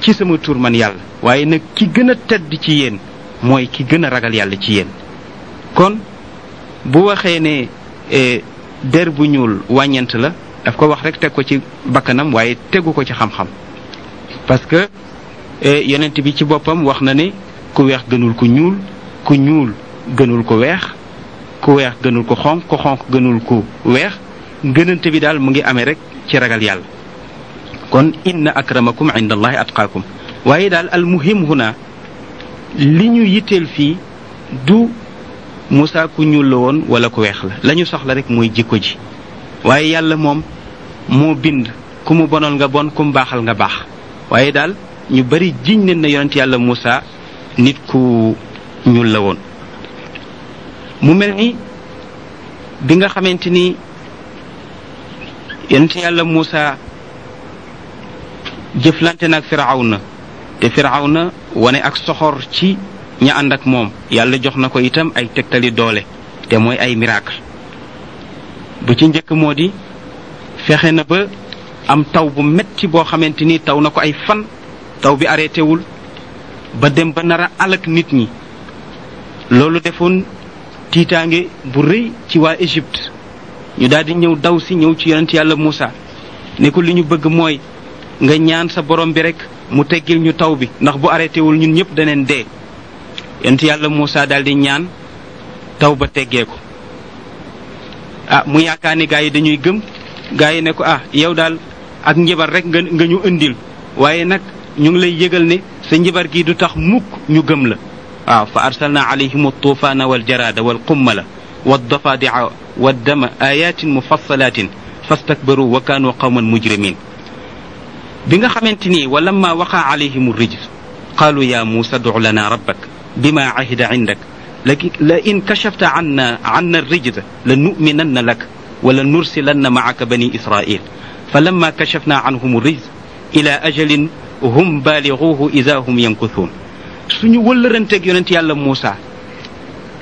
[SPEAKER 1] ci sama tur man yàlla waaye nag ki gën a tedd ci yéen mooy ki gën a ragal yàlla ci yéen kon bu waxee ne der bu ñuul wàññent la daf ko wax rek teg ko ci bakkanam waaye tegu ko ci xam-xam parce que e, yonent bi ci boppam wax na ni ku weex gënul ku ñuul ku ñuul gënul ko weex ku weex gënul ko xonq ku xonq gënul ku weex gënante bi daal mu ngi amee rek ci ragal yàlla kon inna akramakum inda allahi atqaakum waaye daal al muhim huna li ñu yitteel fii du Moussa ku ñuul la woon wala ku weex la lañu ñu soxla rek mooy jikko ji waaye yàlla moom moo bind ku mu bonal nga bon ku mu baaxal nga baax waaye daal ñu bari jiñ leen na yonent yàlla Muusa nit ku ñuul la woon mu mel ni bi nga xamante ni yonent yàlla Muusa jëflante na ak Firawna te na wane ak soxor ci ña ànd ak moom yàlla jox na ko itam ay tegtali doole te mooy ay miracle bu ci njëkk moo di fexe na ba am taw bu metti boo xamante ni taw na ko ay fan taw bi arrêté wul ba dem ba nara a nit ñi loolu defoon tiitaange bu rëy ci waa Égypte ñu daal di ñëw daw si ñëw ci yonent yàlla Moussa ne ko li ñu bëgg mooy nga ñaan sa borom bi rek mu teggil ñu taw bi ndax bu arrêté wul ñun ñëpp daneen dee yonent yàlla Moussa daal di ñaan taw ba teggee ko ah mu yakane gaay dañuy gëm gaay ne ko ah yow dal ak njibar rek nga ñu indil waye nak ñu ngi lay yëgal ne sa njibar gi du tax mukk ñu gëm la wa fa arsalna alayhim at-tufan wal wal wad altufaana waljarada walqummala والضفادع والدم آيات مفصلات فاستكبروا وكانوا قوما مجرمين بيغا خامتيني ولما waqa alayhim ar-rijz qalu ya musa du'lana rabbak bima ahida 'indak لكن لئن كشفت عنا عنا الرجز لنؤمنن لك ولنرسلن معك بني اسرائيل فلما كشفنا عنهم الرجز الى اجل هم بالغوه اذا هم ينكثون سني ولرنتك يونت يالا موسى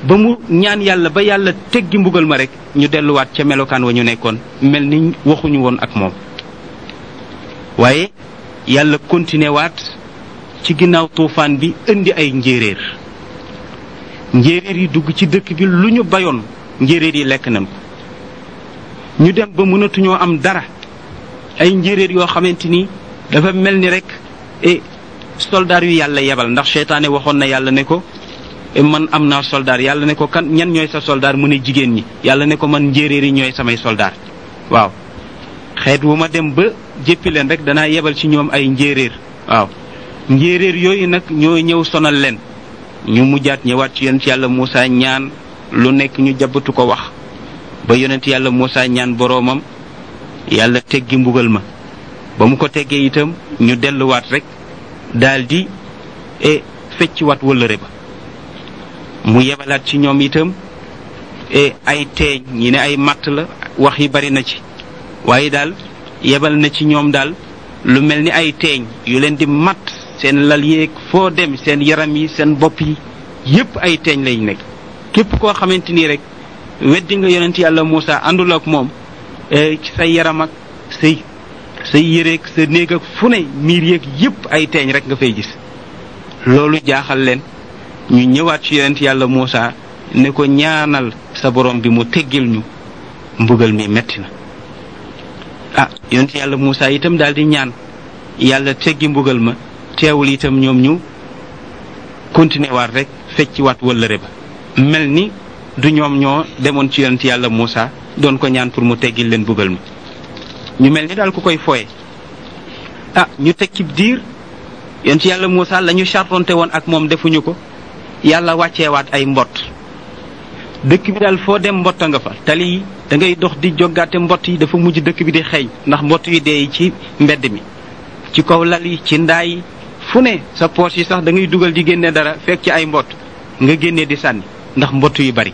[SPEAKER 1] بمو نيان يالا با يالا تيغي مبوغل ما رك ني ديلو وات تي ميلوكان ونيو نيكون ملني واخو ني وون اك موم واي يالا كونتينيوات تي غيناو طوفان بي اندي اي نجيرير njéeréer yi dugg ci dëkk bi lu ñu bayoon njéeréer yi lekk nañ ko ñu dem ba mënatuñoo am dara ay njéeréer yoo xamante ni dafa mel ni rek e soldaar yu yàlla yebal ndax seytaane waxoon na yàlla ne ko eh, man am naa soldaar yàlla ne ko kan ñan ñooy sa soldaar mu ne jigéen ñi yàlla ne ko man njéeréer yi ñooy samay soldaar waaw xeet wu ma dem ba jéppi leen rek danaa yebal ci ñoom ay njéeréer waaw njéeréer yooyu nag ñoo ñëw sonal leen ñu mujjaat ñëwaat ci yonent yàlla Moussa ñaan lu nekk ñu jabatu ko wax ba yonent yàlla Moussa ñaan boroomam yàlla teggi mbugal ma ba mu ko teggee itam ñu delluwaat rek daldi e fecciwaat wëllëre ba mu yebalaat ci ñoom itam e ay teeñ ñi ne ay matt la wax yi bari na ci waaye daal yebal na ci ñoom daal lu mel ni ay teeñ yu leen di matt seen lal yéeg foo dem seen yaram yi seen bopp yi yépp ay teeñ lañ nekk képp koo xamante ni rek weddi nga yonent yàlla Moussa àndul ak moom e, ci say yaram ak sëy say yëreeg sa néeg ak fu ne miir yeeg yépp ay teeñ rek nga fay gis loolu jaaxal leen ñu ñëwaat ci yonent yàlla Moussa ne ko ñaanal sa borom bi mu teggil ñu mbugal mi metti na ah yonent yàlla Moussa itam daal di ñaan yàlla teggi mbugal ma teewul tam ñoom ñu continuer waat rek fecci waat wëllëre ba mel ni du ñoom ñoo demoon ci ci yàlla Muusa doon ko ñaan pour mu teggil leen bugal mi ñu mel ni daal ku koy fooye ah ñu teg ci diir ci yàlla Muusa la ñu chartonté woon ak moom defuñu ko yàlla wàcceewaat ay mbott dëkk bi daal foo dem mbott a nga fa tali yi da ngay dox di jogaate mbott yi dafa mujj dëkk bi di xeeñ ndax mbott yi dee ci mbedd mi ci kaw lal yi ci ndaa yi fu ne sa poche yi sax da ngay dugal di génne dara fekk ci ay mbott nga génne di sànni ndax mbott yu bari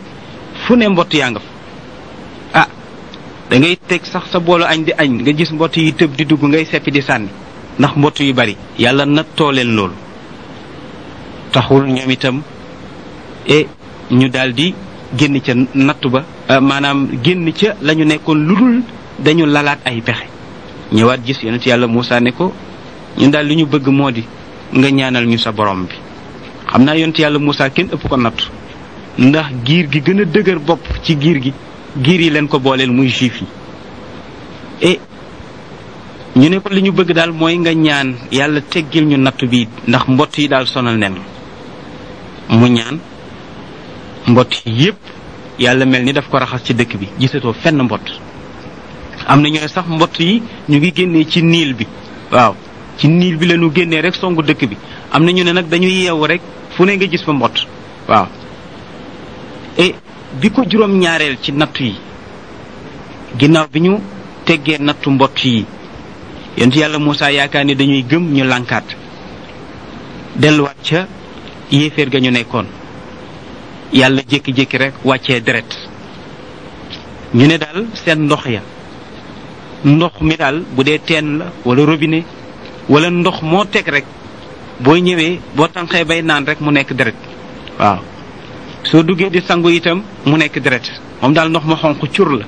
[SPEAKER 1] fu ne mbott yaa nga fa ah da teg sax sa boolu añ di añ nga gis mbott yi tëb di dugg ngay seppi di sànni ndax mbott yu bari yàlla nattoo leen loolu taxul ñoom itam e ñu daldi génn ca nattu ba ah, maanaam génn ca lañu nekkoon lu dul dañu lalaat ay pexe ñëwaat gis yonent yàlla Muusaa ne ko ñu daal li ñu bëgg moo di nga ñaanal ñu sa borom bi xam naa yonent yàlla Moussa kenn ëpp ko natt ndax giir gi gën a dëgër bopp ci giir gi giir yi leen ko booleel muy juif yi e ñu ne ko li ñu bëgg daal mooy nga ñaan yàlla teggil ñu natt bi ndax mbott yi daal sonal nen mu ñaan mbott yépp yàlla mel ni daf ko raxas ci dëkk bi gisatoo fenn mbott am na ñooy sax mbott yi ñu ngi génnee ci niil bi waaw ci niil bi la ñu génnee rek songu dëkk bi am na ñu ne nag dañuy yeewu rek fu ne nga gis fa mbott waaw et bi ko juróom-ñaareel ci nattu yi ginnaaw bi ñu teggee nattu mbott yi yonent yàlla Moussa yaakaar ni dañuy gëm ñu lànkaat delluwaat ca yéeféer ga ñu nekkoon yàlla jékki-jékki rek wàccee deret ñu ne daal seen ndox ya ndox mi daal bu dee teen la wala robine wala ndox moo teg rek booy ñëwee boo tànqee bay naan rek mu nekk deret waaw soo duggee di sangu itam mu nekk deret moom daal ndox ma xonq cur la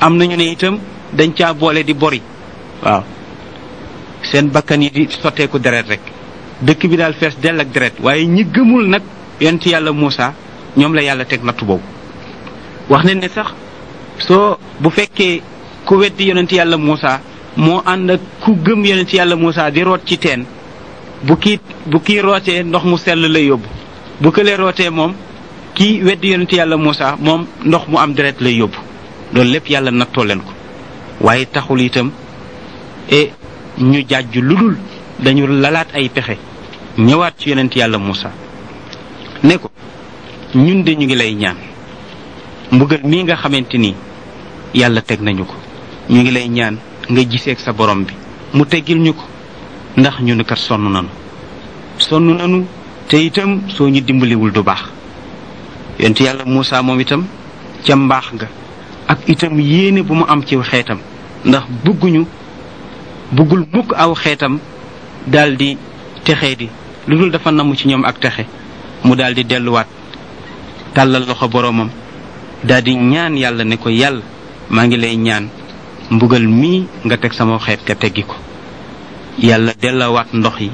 [SPEAKER 1] am nañu ne itam dañ caa boole di bori waaw seen bakkan yi di sotteeku deret rek dëkk bi daal fees dell ak deret waaye ñi gëmul nag yonent yàlla Muusa ñoom la yàlla teg nattu boobu wax nañ ne sax soo bu fekkee ku weddi yonent yàlla Muusa moo ànd ak ku gëm yonent yàlla Moussa di root ci teen bu kii bu kii rootee ndox mu sell lay yóbbu bu këlee rootee moom kii weddi yonent yàlla Moussa moom ndox mu am deret lay yóbbu loolu lépp yàlla nattoo leen ko waaye taxul itam e ñu jàjj lu dul dañu lalaat ay pexe ñëwaat ci yonent yàlla Moussa ne ko ñun de ñu ngi lay ñaan mbugal mii nga xamante ni yàlla teg nañu ko ñu ngi lay ñaan nga giseeg sa borom bi mu teggil ñu ko ndax ñu ne kat sonn nanu sonn nanu te itam soo ñu dimbaliwul du baax yonent yàlla Muusaa moom itam ca mbaax nga ak itam yéene bu mu am ci xeetam ndax bëgguñu bëggul mukk aw xeetam daldi texe di lu dul dafa namm ci ñoom ak texe mu daldi delluwaat tàllal loxo boromam daldi ñaan yàlla ne ko yàlla maa ngi lay ñaan mbugal mi nga teg sama xeet ka teggi ko yàlla dellawaat ndox yi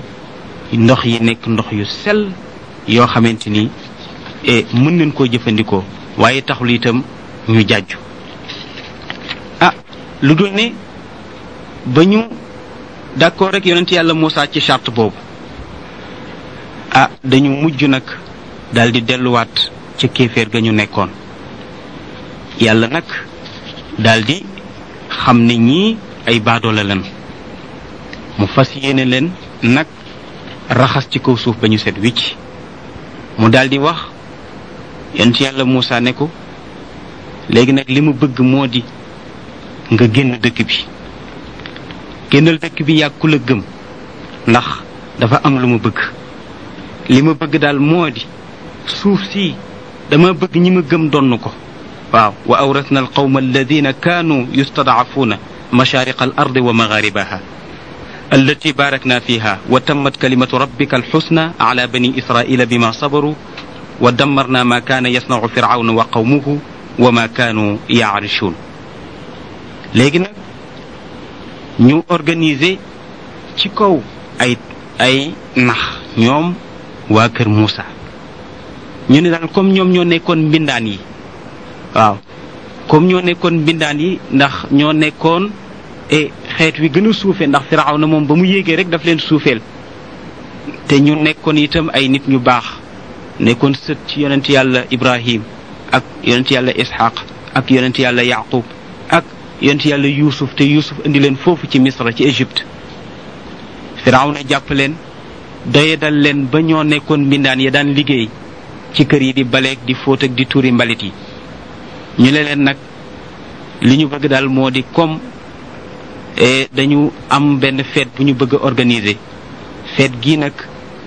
[SPEAKER 1] ndox yi nekk ndox yu sel yoo xamante ni e, mën nañ koo jëfandikoo waaye taxul itam ñu jàjju a ah, lu dul ne ba ñu d'accord rek yonent yàlla Muusaa ci charte boobu a ah, dañu mujj nag daldi delluwaat ca kéeféer ga ñu nekkoon yàlla nag daldi xam ne ñii ay baadoola lan mu fas yéene leen nag raxas ci kaw suuf ba ñu set wicc mu daldi wax ci yàlla Muusaa ne ko léegi nag li mu bëgg moo di nga génn dëkk bi génnal dëkk bi yàgg gëm ndax dafa am lu mu bëgg li ma bëgg daal moo di suuf si dama bëgg ñi ma gëm donn ko الكفار وأورثنا القوم الذين كانوا يستضعفون مشارق الأرض ومغاربها التي باركنا فيها وتمت كلمة ربك الحسنى على بني إسرائيل بما صبروا ودمرنا ما كان يصنع فرعون وقومه وما كانوا يعرشون لكن نيو أورغانيزي organiser أي أي ay ay واكر موسى waa kër Moussa ñu ne daal comme ñoom ñoo nekkoon mbindaan yi waaw comme ñoo nekkoon mbindaan yi ndax ñoo nekkoon e xeet wi gëna a suufee ndax firaaw na moom ba mu yéegee rek daf leen suufeel te ñu nekkoon itam ay nit ñu baax nekkoon sët ci yonent yàlla ibrahim ak yonent yàlla ishaq ak yonent yàlla yaqub ak yonent yàlla yuusuf te yuusuf indi leen foofu ci misra ci égypte firaaw na jàpp leen doyedal leen ba ñoo nekkoon mbindaan ya daan liggéey ci kër yi di baleeg di fóot ak di tuuri mbalit yi ñu ne leen nag li ñu bëgg daal moo di comme e, dañu am benn feet bu ñu bëgg a organiser feet gii nag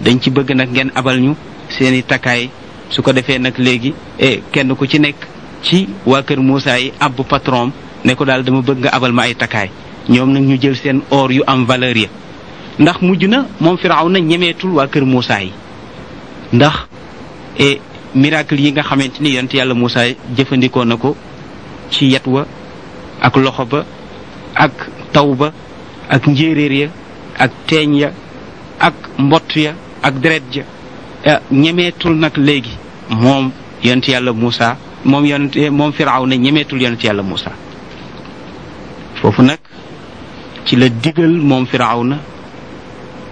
[SPEAKER 1] dañ ci bëgg nag ngeen abal ñu seeni takkaay su ko defee nag léegi e, kenn ku ci nekk ci waa kër Moussa yi bu patron ne ko daal dama bëgg nga abal ma ay takkaay ñoom nag ñu jël seen or yu am valeur ya ndax mujj na moom Firawna ñemeetul waa kër Moussa yi ndax e, miracle yi nga xamante ni yonent yàlla Moussa jëfandikoo na ko ci yet ak loxo ba ak taw ba ak njéeréer ya ak teeñ ya ak mbott ya ak deret ja eh, ñemeetul nag léegi moom yonent yàlla Moussa moom yonent eh, moom Firaw ne ñemeetul yonent yàlla Moussa foofu nag ci la digal moom Firaw na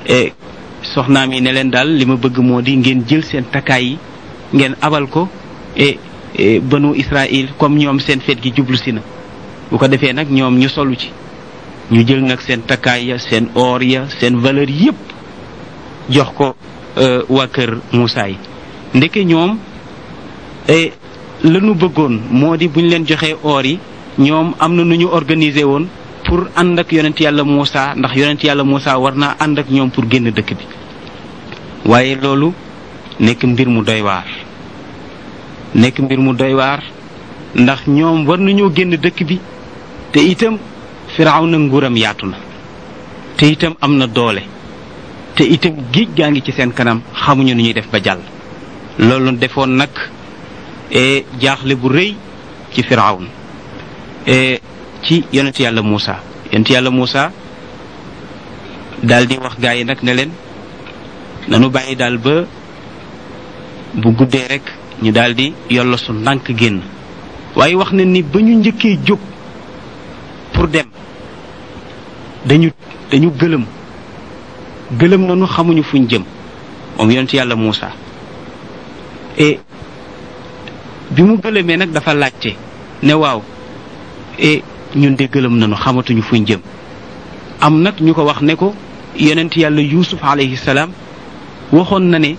[SPEAKER 1] eh, soxnaam yi ne leen daal li ma bëgg moo di ngeen jël seen takkaay yi ngeen abal ko e, e banu Israil comme ñoom seen feet gi jublu si na bu ko defee nag ñoom ñu solu ci ñu jël nag seen takkaay ya seen or ya seen valeur yépp jox ko e, waa kër Moussa yi ndeke ñoom e, lanu bëggoon moo di bu ñu leen joxee or yi ñoom am na nu ñu organiser woon pour ànd ak yonent yàlla Moussa ndax yonent yàlla Moussa war naa ànd ak ñoom pour génn dëkk bi waaye loolu nekk mbir mu doy waar nekk mbir mu doy waar ndax ñoom war nañoo génn dëkk bi te itam na nguuram yaatu na te itam am na doole te itam géej gaa ngi ci seen kanam xamuñu nu ñuy def ba jàll loolu defoon nag e, jaaxle bu rëy ci Firawna e, ci yonent yàlla Muusa yonent yàlla Muusa daldi wax gaa yi nag ne leen nanu bàyyi daal ba bu guddee rek ñu daldi yollo su ndànk génn waaye wax na ni ba ñu njëkkee jóg pour dem dañu dañu gëlëm gëlëm nañu xamuñu fuñ jëm moom yonent yàlla Muusa e bi mu gëlëmee nag dafa laajte ne waaw e ñun de gëlëm nañu xamatuñu fuñ jëm am nag ñu ko wax ne ko yonent yàlla Yuusuf alayhi salaam waxoon na ne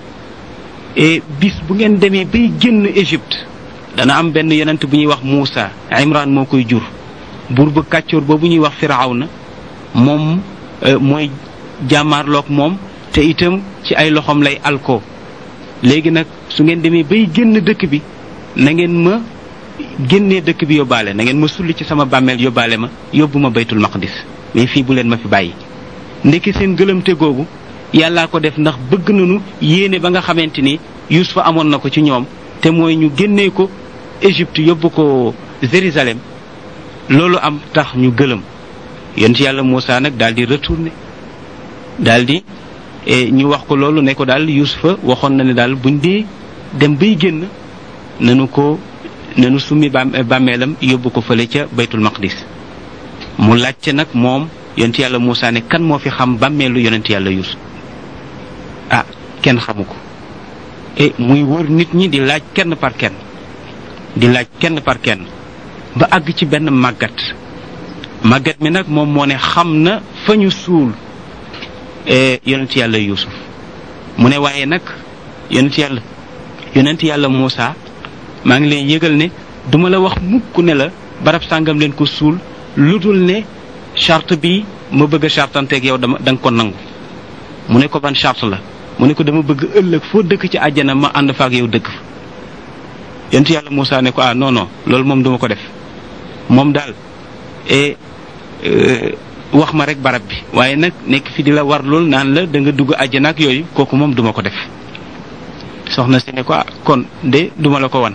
[SPEAKER 1] et bis bu ngeen demee bay génn Égypte dana am benn yonent bu ñuy wax Muusa Imran moo koy jur buur bu kàccoor boobu ñuy wax na moom euh, mooy jàmmaarloog moom te itam ci ay loxoom lay alko léegi nag su ngeen demee bay génn dëkk bi na ngeen ma génnee dëkk bi yóbbaale na ngeen ma sulli ci sama bàmmeel yóbbaale ma yóbbu ma baytul maqdis mais fii bu leen ma fi bàyyi ndekki seen gëlëmte googu yàllaa ko def ndax bëgg nañu yéene ba nga xamante ni Yuusufa amoon na ko ci ñoom te mooy ñu génnee ko Égypte yóbbu ko Jérusalem loolu am tax ñu gëlëm yonent yàlla Moussa nag daal di retourné daldi eh, ñu wax ko loolu ne ko daal Yuusufa waxoon na ne daal buñ dee dem bay génn nanu ko nanu summi bàmmeelam yóbbu ko fële ca baytul maqdis mu laajte nag moom yonent yàlla Moussa ne kan moo fi xam bàmmeelu yonent yàlla Yuusuf kenn xamu ko et eh, muy wër nit ñi di laaj kenn par kenn di laaj kenn par kenn ba àgg ci benn màggat màggat mi nag moom moo ne xam na fa ñu suul eh, yonent yàlla Yuusuf mu ne waaye nag yonent yàlla yonent yàlla Muusa maa ngi leen yëgal ne duma la wax mukk ne la barab sàngam leen ko suul lu dul ne charte bi ma bëgg a chartanteeg yow dama da nga ko nangu mu ne ko ban charte la mu ne ko dama bëgg ëllëg foo dëkk ci àjjana ma ànd ak yow dëkk yent yàlla Moussa ne ko ah non non loolu moom duma ko def moom daal e wax ma rek barab bi waaye nag nekk fi di war lool naan la da nga dugg àjjana ak yooyu kooku moom duma ko def soxna si ne ko ah kon de duma la ko wan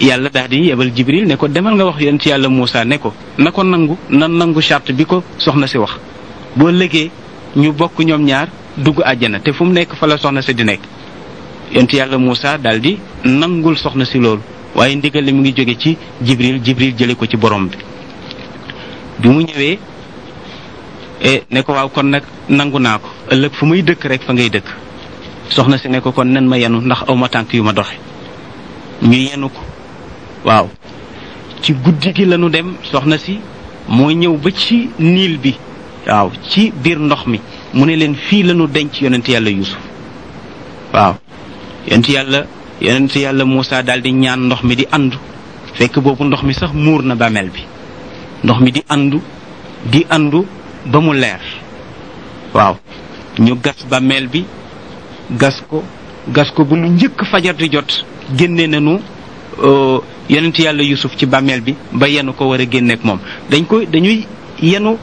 [SPEAKER 1] yàlla daal di yebal jibril ne ko demal nga wax yent yàlla Moussa ne ko na ko nangu na nangu charte bi ko soxna si wax boo lëgee ñu bokk ñoom ñaar dugg àjjana te fu mu nekk fa la soxna si di nekk yontu yàlla Moussa daal di nangul soxna si loolu waaye ndigal li mu ngi jóge ci Jibril Jibril jële ko ci borom bi bi mu ñëwee e, ne ko waaw kon nag nangu naa ko ëllëg fu muy dëkk rek fa ngay dëkk soxna si ne ko kon nan ma yenu ndax aw ma tànk yu ma doxe ñu yenu ko waaw ci guddi gi lañu dem soxna si moo ñëw ba ci niil bi waaw ci biir ndox mi mu ne leen fii lañu denc yonent yàlla yusuf waaw yonent yàlla yonent yàlla Moussa daal ñaan ndox mi di àndu fekk boobu ndox mi sax muur na bàmmeel bi ndox mi di àndu di àndu ba mu leer waaw ñu gas bàmmeel bi gas ko gas ko bu lu njëkk fajar di jot génne nañu euh, yonent yàlla yusuf ci bàmmeel bi ba yenu ko war a génneek moom dañ ko dañuy yenu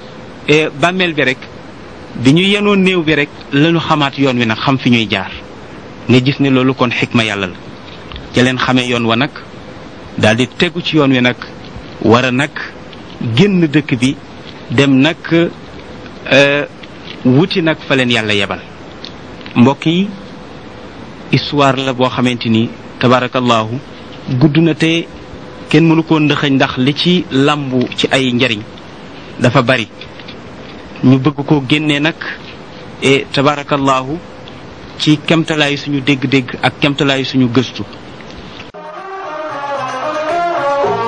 [SPEAKER 1] eh, bàmmeel bi rek bi ñu yenoo néew bi rek lañu xamaat yoon wi nag xam fi ñuy jaar nga gis ne loolu kon xikma yàlla la ca leen xamee yoon wa nag daal tegu ci yoon wi nag wara nag génn dëkk bi dem nag euh, wuti nag fa leen yàlla yebal mbokk yi histoire la boo xamante ni tabaarakallaahu gudd na te kenn mënu koo ndëxëñ ndax li ci làmbu ci ay njariñ dafa bari ñu bëgg koo génnee nag et tabaarakallaahu ci kemtalaayu suñu dégg-dégg ak kemtalaayu suñu gëstu